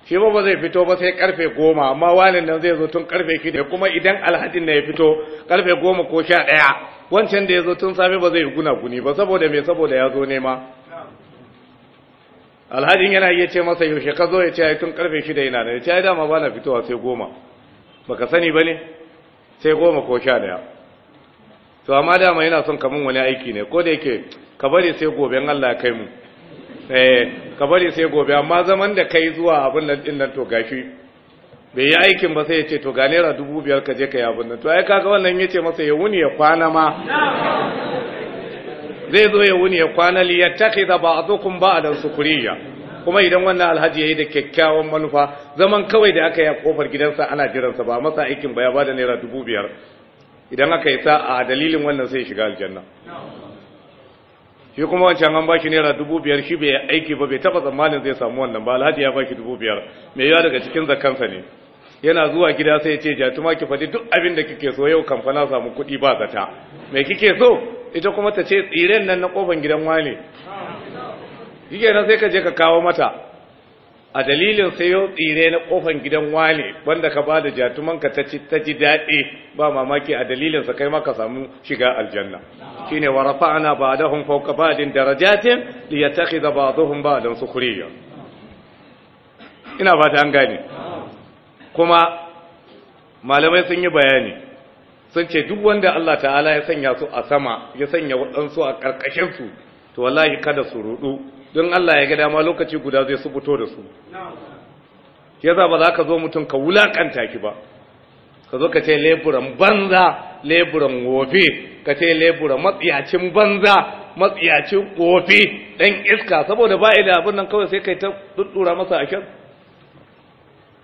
shi ba ba zai fito ba sai karfe goma amma wani nan zai zo tun karfe shida kuma idan Alhadin na ya fito karfe goma ko sha ɗaya wancan da ya zo tun safe ba zai guna guni ba saboda me saboda ya zo nema Alhadin yana iya ce masa yaushe ka zo ya ce tun karfe shida yana da ya ce dama ba na fitowa sai goma baka sani ba ne sai goma ko sha ɗaya to amma dama yana son kamun wani aiki ne ko da yake ka bari sai gobe Allah kai mu eh ka bari sai gobe amma zaman da kai zuwa abin nan din nan to gashi bai yi aikin ba sai ya ce to ga naira dubu biyar ka je ka yi abin nan to ai kaga wannan ya ce masa ya wuni ya kwana ma zai zo ya wuni ya kwana li yattakhidha ba'dukum ba'dan sukuriya kuma idan wannan alhaji ya yi da kyakkyawan manufa zaman kawai da aka yi a kofar gidansa ana jiransa ba masa aikin ba ya ba da naira dubu biyar idan aka yi sa'a a dalilin wannan sai shiga aljanna shi kuma wancan an bashi naira dubu biyar shi bai aiki ba bai taba tsammanin zai samu wannan ba alhaji ya bashi dubu biyar mai yawa daga cikin zakansa ne yana zuwa gida sai ya ce jatuma ki faɗi duk abin da kike so yau kamfana samu kuɗi ba zata mai kike so ita kuma ta ce tsiren nan na kofan gidan wane shi sai ka je ka kawo mata a dalilin sai yau tsire na kofan gidan wane wanda ka bada jatumanka ta ci ta ji daɗe ba mamaki a dalilin sa kai maka samu shiga aljanna shine wa rafa'na ba'dahum fawqa ba'din darajatin liyattakhidha ba'dahum ba'dan sukhriya ina ba ta an gane kuma malamai sun yi bayani sun ce duk wanda Allah ta'ala ya sanya su a sama ya sanya waɗansu a ƙarƙashinsu, to wallahi kada su rudu don Allah ya ga dama lokaci guda zai su fito da su yaza ba za ka zo mutum ka wulakanta ki ba ka zo ka ce leburan banza leburan wofi ka ce leburan matsiyacin banza matsiyacin wofi dan iska saboda ba da abin nan kawai sai kai ta duddura masa a kyan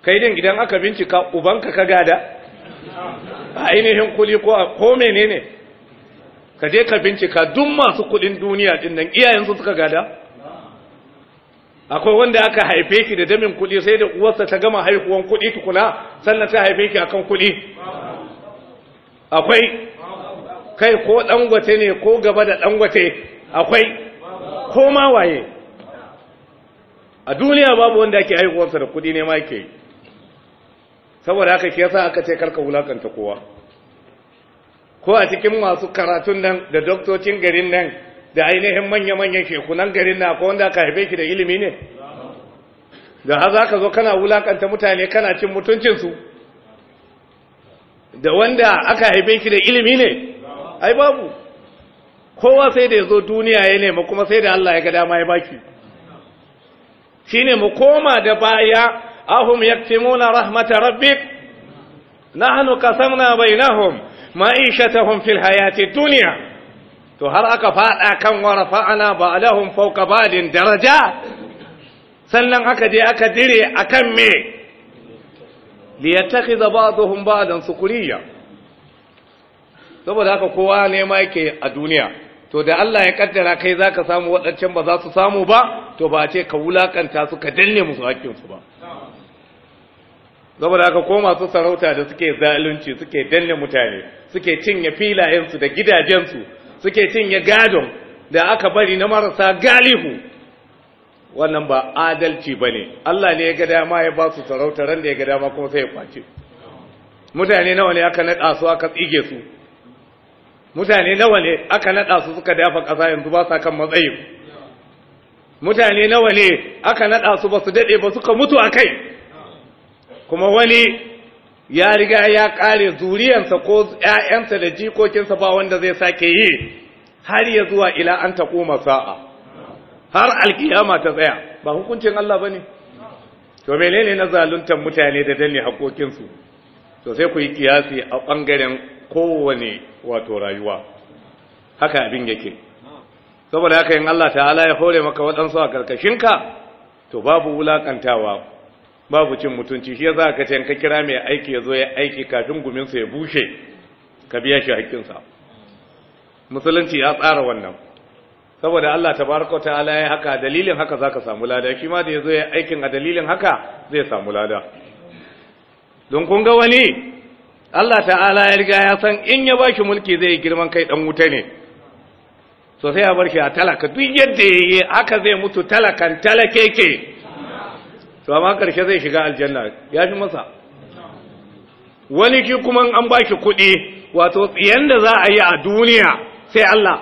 kai din idan aka bincika ubanka ka gada a ainihin kuli ko menene ka je ka bincika duk masu kudin duniya din nan iyayensu suka gada akwai wanda aka haife ki da damin kuɗi sai da uwarsa ta gama haihuwan kuɗi tukuna sannan ta haife ki akan kuɗi akwai kai ko gwate ne ko gaba da gwate? akwai ko ma waye a duniya babu wanda ake haihuwarsa da kuɗi ne ma yake saboda haka ke yasa aka ce karka wulakanta kowa ko a cikin masu karatun nan da doktocin garin nan da ainihin manya-manyan shekunan garin na ko wanda aka haife ki da ilimi ne da har za ka zo kana wulakanta mutane kana cin mutuncinsu da wanda aka haife ki da ilimi ne ai babu kowa sai da ya zo duniya ya nema kuma sai da Allah ya ga dama ya baki shi ne mu koma da baya ahum yaktimuna rahmata rabbik nahnu qasamna bainahum ma'ishatahum fil hayati dunya to har aka faɗa kan warafa ana ba alahun fauka balin daraja sannan aka je aka dire a kan me liyattaki zaba zuhun ba'adan sukuriya saboda haka kowa nema yake a duniya to da Allah ya kaddara kai za ka samu waɗancan ba za su samu ba to ba ce ka wulakanta su ka danne musu haƙƙinsu ba saboda haka ko masu sarauta da suke zalunci suke danne mutane suke cinye filayensu da gidajensu suke cinye gadon da aka bari na marasa galihu wannan ba adalci ba ne Allah ne ya ga dama ya ba su sarautar da ya ga dama kuma sai ya kwace mutane nawa ne aka naɗa su aka tsige su mutane nawa ne aka naɗa su suka dafa ƙasa yanzu ba sa kan matsayin mutane nawa ne aka naɗa su ba su daɗe ba suka mutu a kai kuma wani ya riga ya kare zuriyarsa ko ‘ya'yansa da jikokinsa ba wanda zai sake yi har ya zuwa ila an taƙo har alkiyama ta tsaya ba hukuncin Allah ba ne to menene na zaluntar mutane da danne haƙoƙinsu to sai ku yi kiyasi a ɓangaren kowane wato rayuwa haka abin yake saboda haka yin Allah ta'ala ya hore maka waɗansu a ƙarƙashinka to babu wulaƙantawa babu cin mutunci shi yasa ka ce ka kira mai aiki ya zo ya aiki kafin guminsa ya bushe ka biya shi haƙƙinsa musulunci ya tsara wannan saboda Allah tabaraka ta'ala ya haka dalilin haka zaka samu lada shi ma da yazo ya aikin a dalilin haka zai samu lada don kun ga wani Allah ta'ala ya riga ya san in ya ba shi mulki zai girman kai dan wuta ne so sai ya bar shi a talaka duk yadda yake haka zai mutu talakan talakeke to amma ƙarshe zai shiga aljanna ya fi masa wani shi kuma an ba shi kuɗi wato tsiyan da za a yi a duniya sai Allah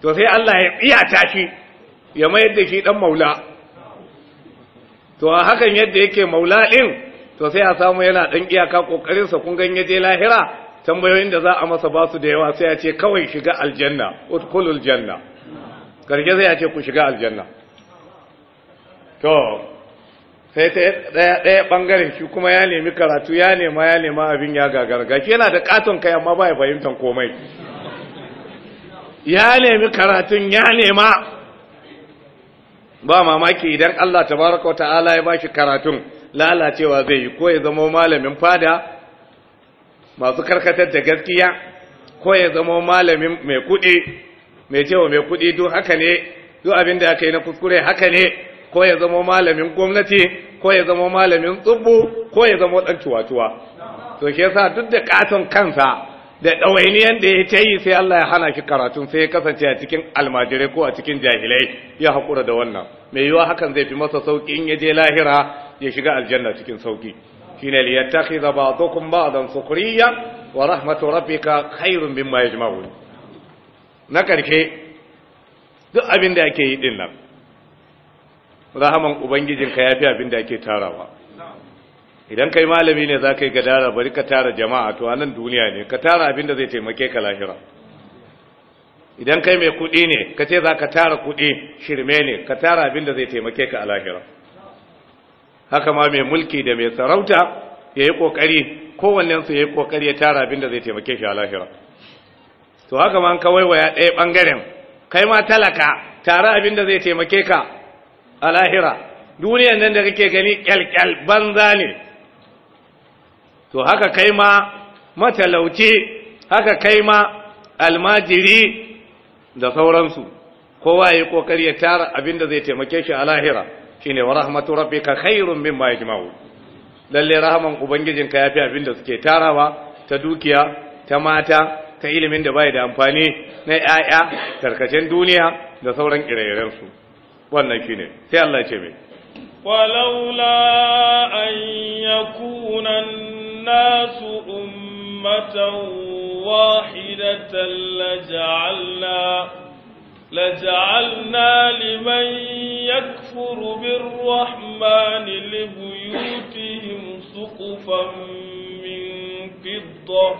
to sai Allah ya tsiyata shi ya mayar da shi ɗan maula to a hakan yadda yake maula ɗin to sai a samu yana ɗan iyaka ƙoƙarinsa kun ganye je lahira tambayoyin da za a masa ba su da yawa sai a ce kawai shiga aljanna utkulul janna karshe zai a ce ku shiga aljanna to sai ta ɗaya ɗaya ɓangaren shi kuma ya nemi karatu ya nema ya nema abin ya gagarga shi yana da katon kai amma ba ya fahimtar komai ya nemi karatun ya nema ba mamaki idan Allah ta baraka ta'ala ya bashi karatun lalacewa zai yi ko ya zama malamin fada masu karkatar da gaskiya ko ya zama malamin mai kuɗi mai cewa mai kuɗi duk haka ne duk abin da aka yi na kuskure haka ne ko ya zama malamin gwamnati ko ya zama malamin tsubbu ko ya zama dan tuwatuwa to ke yasa duk da katon kansa da ɗawainiyan da ya ta yi sai Allah ya hana shi karatun sai ya kasance a cikin almajirai ko a cikin jahilai ya haƙura da wannan mai yiwa hakan zai fi masa sauƙi in ya je lahira ya shiga aljanna cikin sauƙi shine li yattakhidha ba'dukum ba'dan sukhriya wa rahmatu rabbika khairun mimma yajma'un na karke duk abin da ake yi din nan rahaman ubangijinka ya fi abin da ake tarawa idan kai malami ne za ka yi gadara bari ka tara jama'a to nan duniya ne ka tara abin da zai taimake ka lahira idan kai mai kuɗi ne ka ce za ka tara kuɗi shirme ne ka tara abin da zai taimake ka a lahira haka ma mai mulki da mai sarauta ya yi ƙoƙari kowannensu ya yi ƙoƙari ya tara abin da zai taimake shi a lahira to haka ma an kawai waya ɗaya ɓangaren kai ma talaka tara abin da zai taimake ka a lahira duniyan nan da kake gani kyalkyal banza ne to haka kai ma matalauci haka kai ma almajiri da sauransu kowa yayi kokari ya tara abin da zai taimake shi a lahira shine wa rahmatu rabbika khairun mimma yajma'u lalle rahaman ubangijinka yafi abin da suke tarawa ta dukiya ta mata ta ilimin da bai da amfani na 'ya'ya tarkacen duniya da sauran ire su wannan shine sai Allah ce mai walaula an nasu ummatan wahidatan laja'alna لجعلنا لمن يكفر بالرحمن لبيوتهم سقفا من فضة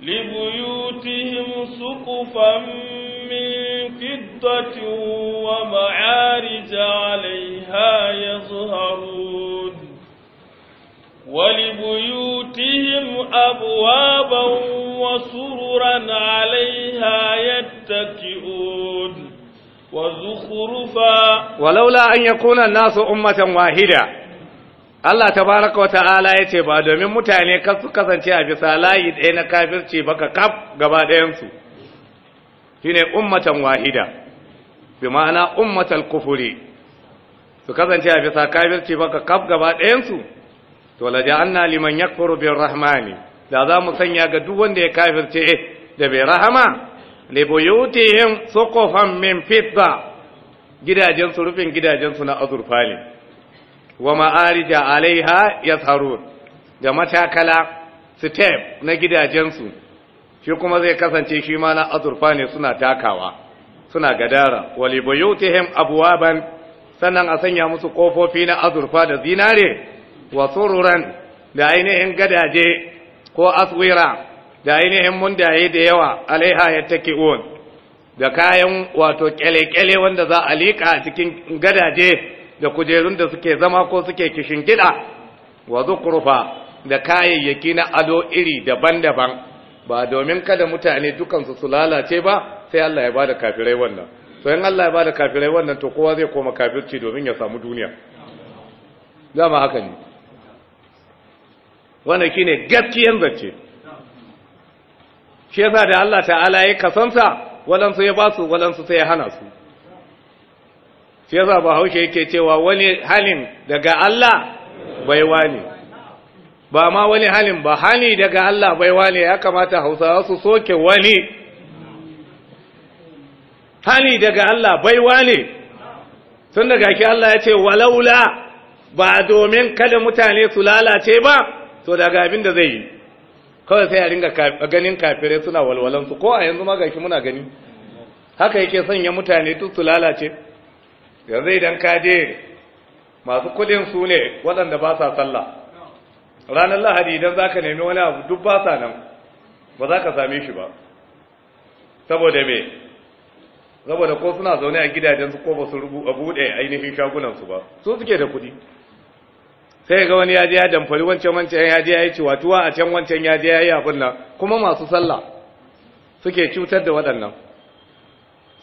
لبيوتهم سقفا من من فضة ومعارج عليها يظهرون ولبيوتهم أبوابا وسررا عليها يتكئون وزخرفا ولولا أن يكون الناس أمة واحدة Allah ta baraka wa ta’ala ya ce ba domin mutane kasu kasance a bisa layi ɗaya na kafirci baka kaf gaba ɗayansu shine ummatan wahida bi ma'ana ummatal kufuri su kasance a bisa kafirci baka kaf gaba ɗayansu to la ja'anna liman yakfuru bir rahmani da za mu sanya ga duk wanda ya kafirce da bai rahama li buyutihim suqufan min fitta gidajen su rufin gidajen su na azurfa ne wa ma'arija alaiha yasharun da matakala step na gidajen su shi kuma zai kasance shi ma na azurfa ne suna takawa suna gadara wali buyutihim abwaban sannan a sanya musu kofofi na azurfa da zinare wa sururan da ainihin gadaje ko aswira da ainihin mundaye da yawa alaiha yattaki'un da kayan wato kyale ƙyale wanda za a liƙa a cikin gadaje da kujerun da suke zama ko suke kishin gida wa zukrufa da kayayyaki na ado iri daban-daban ba domin kada mutane dukansu su lalace ba sai Allah ya bada kafirai wannan to in Allah ya bada kafirai wannan to kowa zai koma kafirci domin ya samu duniya dama haka ne wannan shine gaskiyan zace shi yasa da Allah ta'ala ya kasansa walansu ya basu walansu sai ya hana su shi yasa ba haushe yake cewa wani halin daga Allah bai wani. ba ma wani halin ba hani daga Allah baiwa ne ya kamata hausawa su soke wani hani daga Allah baiwa ne tun daga ki Allah ya ce walaula ba domin kada mutane su lalace ba to daga abin da zai yi kawai sai a ringa ganin kafirai suna walwalansu ko a yanzu magaki muna gani haka yake sanya mutane duk su lalace yanzu idan ka masu kudin su ne waɗanda ba sa sallah ranar lahadi idan za ka nemi wani abu duk basa nan ba za ka same shi ba saboda me saboda ko suna zaune a gidajensu ko ba su buɗe ainihin shagunansu ba su suke da kuɗi sai ga wani ya je ya damfari wancan wancan ya ya yi ciwatuwa a can wancan ya ya yi abin nan kuma masu sallah suke cutar da waɗannan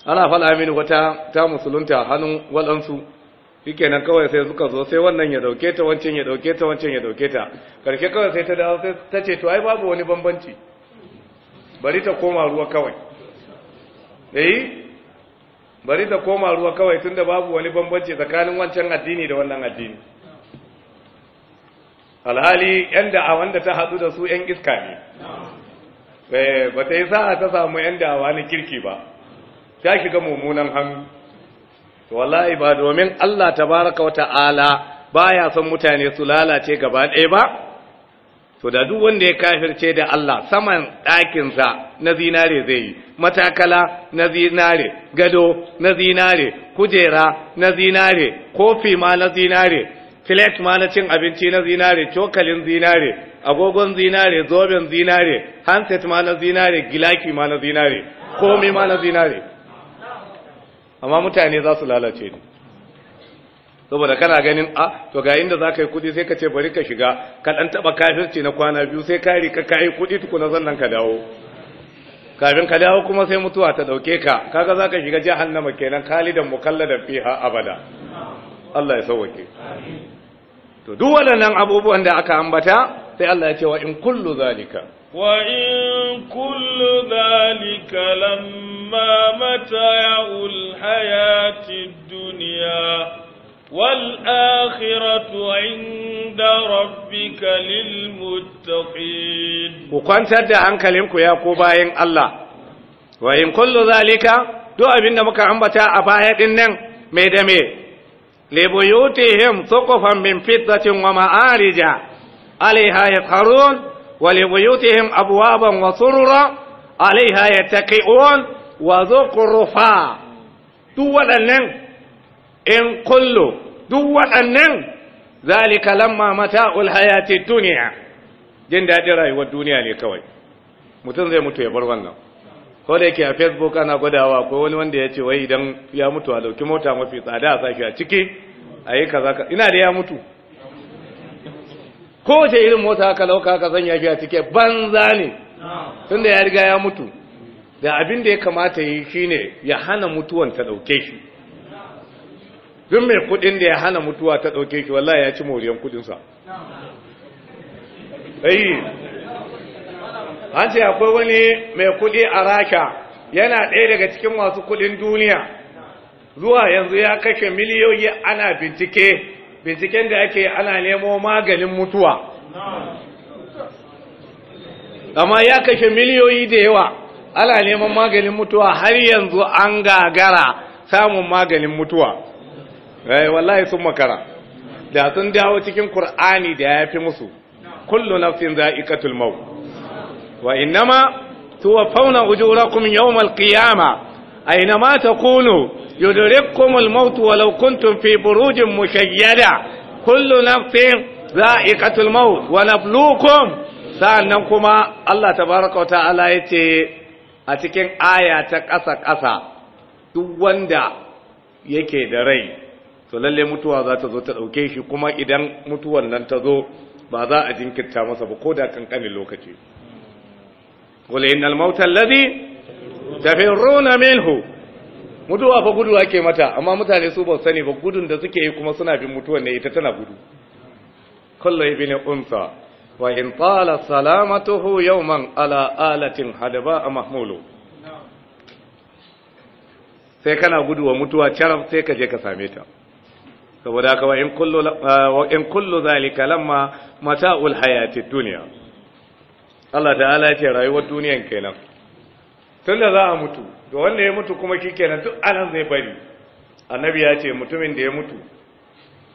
ana faɗa mini wata ta musulunta hannun waɗansu shikenan kawai sai suka zo sai wannan ya dauke ta wancan ya dauke ta wancan ya dauke ta karshe kawai sai ta dawo sai ta ce to ai babu wani bambanci bari ta koma ruwa kawai eh bari ta koma ruwa kawai tunda babu wani bambanci tsakanin wancan addini da wannan addini alhali yan da'awa wanda ta hadu da su yan iska ne eh, ba ta yi sa'a ta samu yan da'awa na kirki ba ta shiga mummunan hannu wallahi ba domin Allah tabaraka wa ta'ala baya son mutane su lalace gaba ɗaya ba to da duk wanda ya kafirce da Allah saman ɗakinsa na zinare zai yi matakala na zinare gado na zinare kujera na zinare kofi ma na zinare filet ma na cin abinci na zinare cokalin zinare agogon zinare zoben zinare handset ma na zinare gilaki ma na zinare komi ma na zinare amma mutane za su lalace ne saboda kana ganin a ah, to ga inda za ka yi kudi sai ka ce bari ka shiga ka ɗan taɓa kafirci na kwana biyu sai ka rika ka yi kudi tukuna sannan ka dawo kafin ka dawo kuma sai mutuwa ta ɗauke ka kaga za ka shiga jahannama kenan khalidan mukalladan fiha abada Allah ya sauwake to duk waɗannan abubuwan da aka ambata sai Allah ya ce wa in kullu zalika وإن كل ذلك لما متاع الحياة الدنيا والآخرة عند ربك للمتقين وكنت أنك لنك يا قبائن الله وإن كل ذلك duk abin da muka ambata a baya ɗin nan mai dame libuyutihim suqufan min fiddatin wa ma'arija alaiha Wali biyu tsin abubuwan ban wasu rura. Alayyahu ya ta ke uwan Wazo kurufa. Duk waɗannan zali ka lamma mata ulaya ce duniya. Jin daɗin rayuwar duniya ne kawai. Mutum zai mutu ya bar wannan. Ko da ke a Facebook ana gwadawa akwai wani wanda ya ce wai idan ya mutu a dauki mota mafi tsada a safe a ciki, a kaza Ina da ya mutu. kowace irin mota aka lauka aka sanya shi a cike banza ne tun da ya riga ya mutu da abin da ya kamata yi shine ya hana mutuwan ta ɗauke shi duk mai kudin da ya hana mutuwa ta ɗauke shi wallahi ya ci moriyan kudinsa ayi an ce akwai wani mai kudi a rasha yana ɗaya daga cikin masu kudin duniya zuwa yanzu ya kashe miliyoyi ana bincike binciken da ake ana nemo maganin mutuwa amma ya kashe miliyoyi da yawa ana neman maganin mutuwa har yanzu an gagara samun maganin mutuwa rai eh, wallahi sun makara da sun dawo cikin Kur'ani da ya fi musu kullu nafsin za'iqatul maut wa innama tuwaffawna ujurakum yawmal qiyamah aina ina mata kunu yaudarai kun ulmautu wala fi bururjinmu shayyada? kullu luna fain za a ika tilma wani kuma? Allah Ta barako ta'ala ya a cikin aya ta ƙasa-ƙasa duk wanda yake da rai. To lallai mutuwa za ta zo ta ɗauke shi, kuma idan mutuwar nan ta zo, ba za a jinkirta masa ba, ko da tsankanin lokaci. Kuliyayin nan mawutan ladin. tafiruna minhu mutuwa fa gudu ake mata amma mutane su ba sani ba gudun da suke yi kuma suna bin mutuwan ne ita tana gudu kullu ibn unsa wa in tala salamatuhu yawman ala alatin hadaba mahmulu sai kana gudu wa mutuwa charaf sai ka je ka same ta saboda haka wa in kullu ah, zalika lamma mata'ul hayatid dunya Allah ta'ala ya ce rayuwar duniyan kenan tun da za a mutu da wanda ya mutu kuma shi kenan duk anan zai bari annabi ya ce mutumin da ya mutu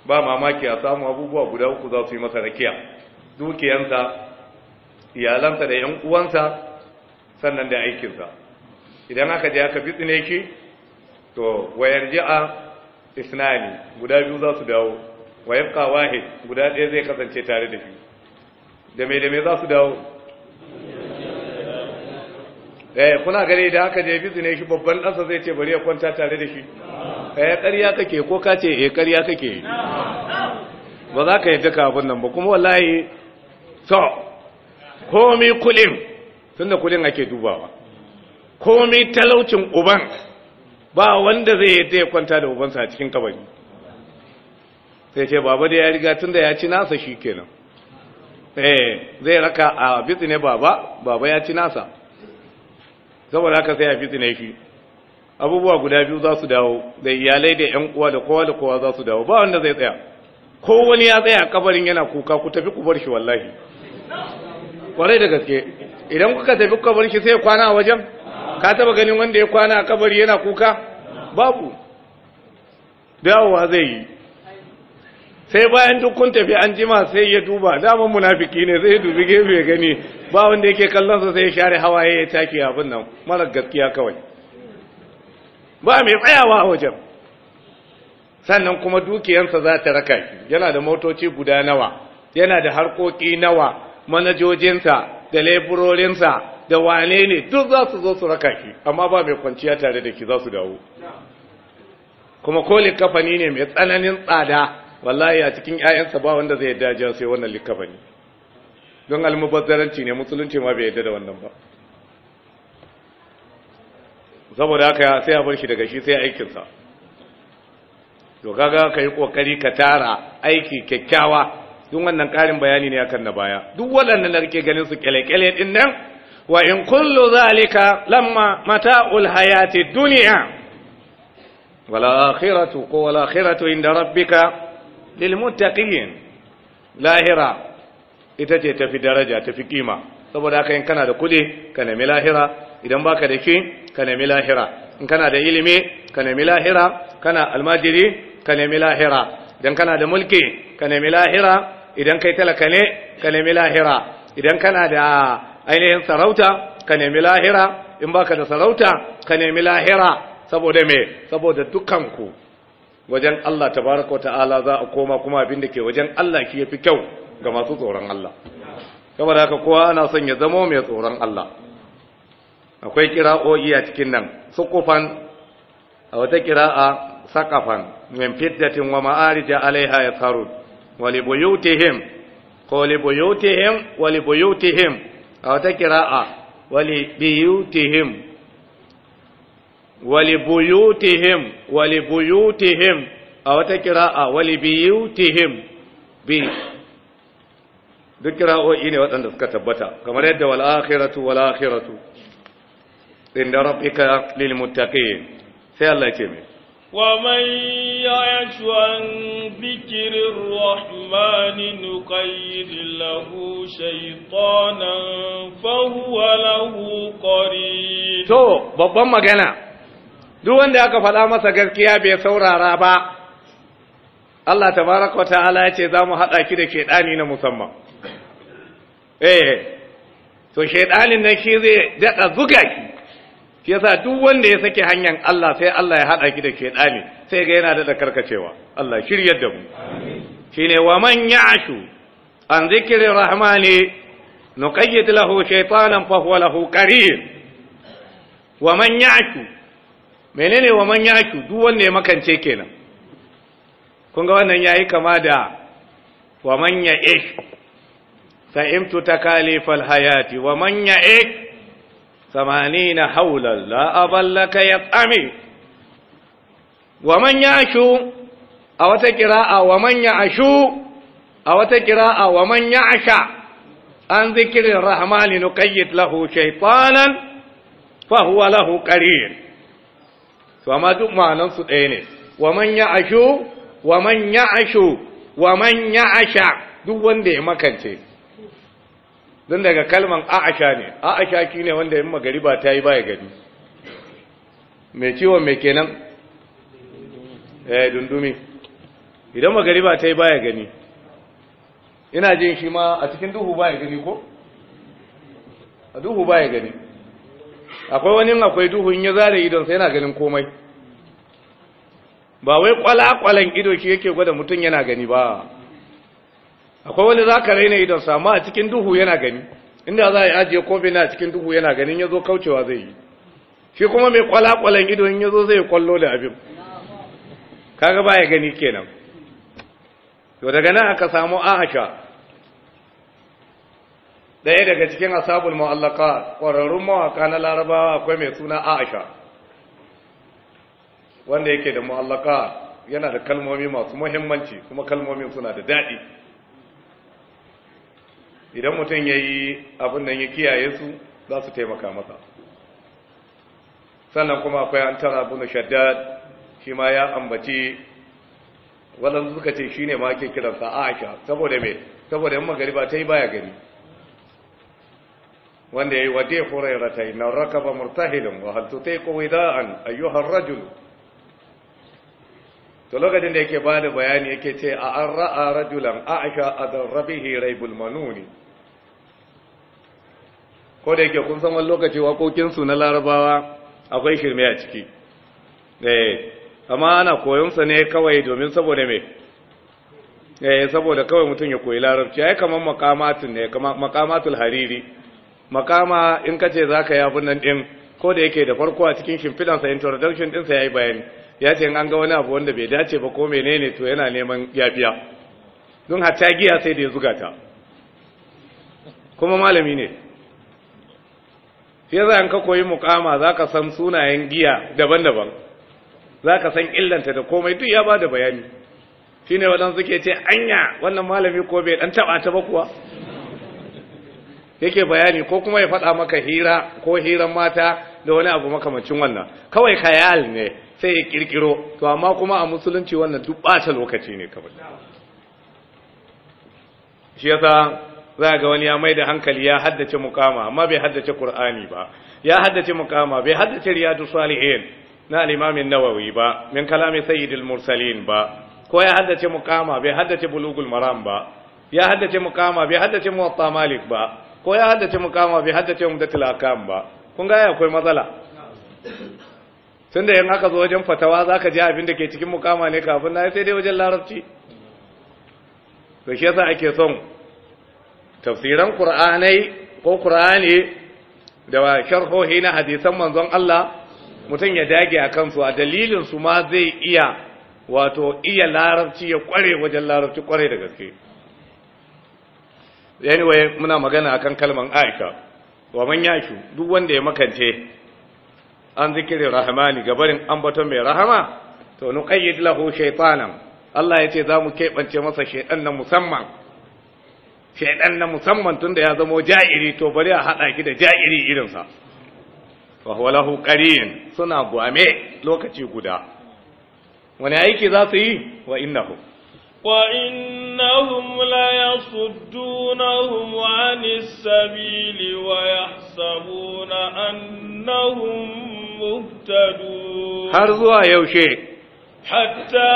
ba mamaki a samu abubuwa guda uku za su yi masa rakiya dukiyansa iyalansa da yan uwansa sannan da aikinsa idan aka je aka bitsine shi to wayar ji'a isnani guda biyu za su dawo wayar kawahid guda ɗaya zai kasance tare da shi da mai da mai za su dawo eh kuna gare da aka je ne shi babban ɗansa zai ce bari ya kwanta tare da shi eh ƙarya kake ko ka ce eh ƙarya kake ba za ka yi duka abin nan ba kuma wallahi so komi kulin tunda kulin ake dubawa komi talaucin uban ba wanda zai yadda ya kwanta da ubansa a cikin kabari sai ce baba da ya riga tunda ya ci nasa shi kenan eh zai raka a ne baba baba ya ci nasa saboda haka sai ya fitine shi abubuwa guda biyu za su dawo da iyalai da yan uwa da kowa da kowa za su dawo ba wanda zai tsaya ko wani ya tsaya kabarin yana kuka ku tafi ku bar shi wallahi kwarai da gaske idan kuka tafi ku bar shi sai kwana a wajen ka taba ganin wanda ya kwana a kabari yana kuka babu dawowa zai yi sai bayan duk kun tafi an jima sai ya duba daman munafiki ne zai dubi gefe gani ba wanda yake kallon sa sai ya share hawaye ya take abin nan mara gaskiya kawai ba mai tsayawa a wajen sannan kuma dukiyansa za ta raka shi yana da motoci guda nawa yana da harkoki nawa manajojinsa da leburorinsa da wane ne duk za su zo su raka shi amma ba mai kwanciya tare da ki za su dawo kuma kolin kafani ne mai tsananin tsada wallahi a cikin ƴaƴansa ba wanda zai yadda ja sai wannan likafani don almubazzaranci ne musulunci ma bai yadda da wannan ba saboda haka sai a bar shi daga shi sai aikinsa to kaga ka yi kokari ka tara aiki kyakkyawa duk wannan karin bayani ne akan na baya duk waɗannan da kake ganin su kyale-kyale din nan wa in kullu zalika lamma mata'ul hayati dunya wal akhiratu ko wal akhiratu inda rabbika lilmuttaqin lahira ita ce tafi daraja tafi kima saboda haka in kana da kuɗi ka nemi lahira idan baka da shi ka nemi lahira in kana da ilimi ka nemi lahira kana almajiri ka nemi lahira idan kana da mulki ka nemi lahira idan kai talaka ne ka nemi lahira idan kana da ainihin sarauta ka nemi lahira in baka da sarauta ka nemi lahira saboda me saboda dukanku wajen Allah tabaraka ta'ala za a koma kuma abin da ke wajen Allah ya fi kyau ga masu tsoron Allah Kamar haka kowa ana son ya zama mai tsoron Allah akwai kira oyi a cikin nan sukufan a wata kira a sakafan min fiddatin wa ma'arija alaiha ya tsaro, wali buyutihim ko wali buyutihim Wali buyutihim a wata kira a, wali buyutihim wali buyutihim wali buyutihim a wata kira'a wali biyutihim bi duk kira'o'i ne waɗanda suka tabbata kamar yadda wal akhiratu wal akhiratu inda rabbika lil muttaqin sai Allah ya ce ومن يعش عن ذكر الرحمن نقيد له شيطانا فهو له قريب تو بابا مغانا duk wanda aka faɗa masa gaskiya bai saurara ba Allah tabaraka wa ta'ala ya ce za mu haɗa ki da shaiɗani na musamman eh to shaiɗanin nan shi zai daɗa zuga ki shi yasa duk wanda ya sake hanyar Allah sai Allah ya haɗa ki da shaiɗani sai ga yana daɗa karkacewa Allah shiryar da mu Shi ne wa man ashu an zikirin rahmani nuqayyid lahu shaytanan fahuwa lahu wa man ashu menene wa man yaki duk wanda ya makance kenan kun ga wannan yayi kama da wa man ya ik sa imtu hayati wa man ya ik 80 haula la aballaka ya ami wa man ya a wata qira'a wa man ya ashu a wata qira'a wa man ya asha an zikirin rahmani nuqayyid lahu shaytanan fa huwa lahu to amma duk ma'anan su ɗaya ne wa man ashu wa man ashu wa man asha duk wanda ya makance don daga kalman a'asha ne a'asha ne wanda magari magariba ta yi ba ya gani. mai ciwon mai kenan eh dundumi idan magariba ta yi ba ya gani ina jin shi ma a cikin duhu ba ya gani ko a duhu ba ya gani akwai wani akwai duhu in ya zare idon sai yana ganin komai ba wai kwala kwalakwalan ido shi yake gwada mutum yana gani ba akwai wani za ka raina idon sama a cikin duhu yana gani inda za a yi ajiye kofi na cikin duhu yana ganin ya kaucewa zai yi shi kuma mai kwalakwalan ido in ya zo zai kwallo da abin kaga ba ya gani kenan to daga nan aka samu ahasha ɗaya daga cikin asabul mu'allaka ƙwararrun mawaka na larabawa akwai mai suna aisha wanda yake da mu'allaka yana da kalmomi masu muhimmanci kuma kalmomin suna da daɗi idan mutum ya yi abin da ya kiyaye su za su taimaka masa sannan kuma akwai an tara bunu shaddad shi ma ya ambaci waɗanda suka ce shi ne ma ke kiransa aisha saboda mai saboda yin magariba ta yi baya gari wanda ya yi yayi wadi na raka ba murtahilun wa hal tutiqu wida'an ayyuha ayyuhar rajul to lokacin da yake da bayani yake ce a an ra'a rajulan a'isha rabi raibul manuni ko da yake kun san wani lokaci waƙoƙin na larabawa akwai shirme a ciki eh amma ana koyonsa ne kawai domin saboda me eh saboda kawai mutum ya koyi larabci ai kaman makamatul ne kaman makamatul hariri makama in ka ce za ka yi abin nan ɗin ko da yake da farko a cikin shimfidansa introduction ɗinsa ya yi bayani ya ce in an ga wani abu wanda bai dace ba ko menene to yana neman yafiya don hatta giya sai da ya zuga ta kuma malami ne Ya za an ka koyi mukama za ka san sunayen giya daban-daban za ka san illanta da komai duk ya ba da bayani shine ne waɗansu ke ce anya wannan malami ko bai ɗan taɓa ta ba kuwa yake bayani ko kuma ya faɗa maka hira ko hiran mata da wani abu makamancin wannan kawai khayal ne sai ya kirkiro to amma kuma a musulunci wannan duk ɓata lokaci ne kamar. shi yasa za ga wani ya mai da hankali ya haddace mukama amma bai haddace qur'ani ba ya haddace mukama bai haddace riyadu salihin na al-imamin nawawi ba min kalami sayyidil mursalin ba ko ya haddace mukama bai haddace bulugul maram ba ya haddace mukama bai haddace muwatta malik ba ko ya haddace mukama bai haddace umdatul akam ba kun ga akwai matsala tunda yan aka zo wajen fatawa zaka ji abin da ke cikin mukama ne kafin na sai dai wajen larabci to shi yasa ake son tafsiran qur'anai ko qur'ani da sharhohi na hadisan manzon Allah mutum ya dage a kansu a dalilin su ma zai iya wato iya larabci ya kware wajen larabci kware da gaske anyway muna magana akan kalman aika wa man yashu duk wanda ya makance an zikiri rahmani gabarin ambaton mai rahama to nuqayyid lahu shaytanan Allah yace zamu kebance masa shaydan nan musamman shaydan nan musamman tunda ya zama ja'iri to bari a hada ki da ja'iri irin sa wa huwa lahu qarin suna gwame lokaci guda wani aiki za su yi wa innahu وإنهم ليصدونهم عن السبيل ويحسبون أنهم مهتدون هرزوا يوشي حتى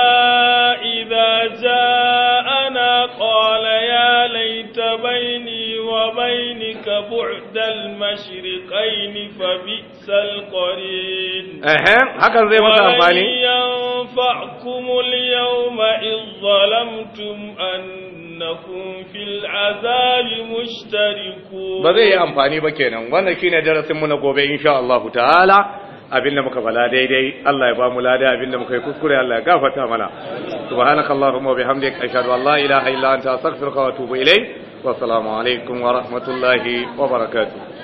إذا جاءنا قال يا ليت بيني وبينك بعد المشرقين فبئس القرين أهم هكذا زي ما ينفعكم اليوم إذ ظلمتم أنكم في العذاب مشتركون بذي أنفاني بكينا وانا كينا درس من قوبة إن شاء الله تعالى Abin da muka bala daidai Allah ya ba mu lada abinda muka yi kuskure Allah ya gafarta mana subhanakallahumma wa bihamdika ashhadu an la ilaha illa anta astaghfiruka wa atubu ilayk wa assalamu alaikum wa rahmatullahi wa barakatuh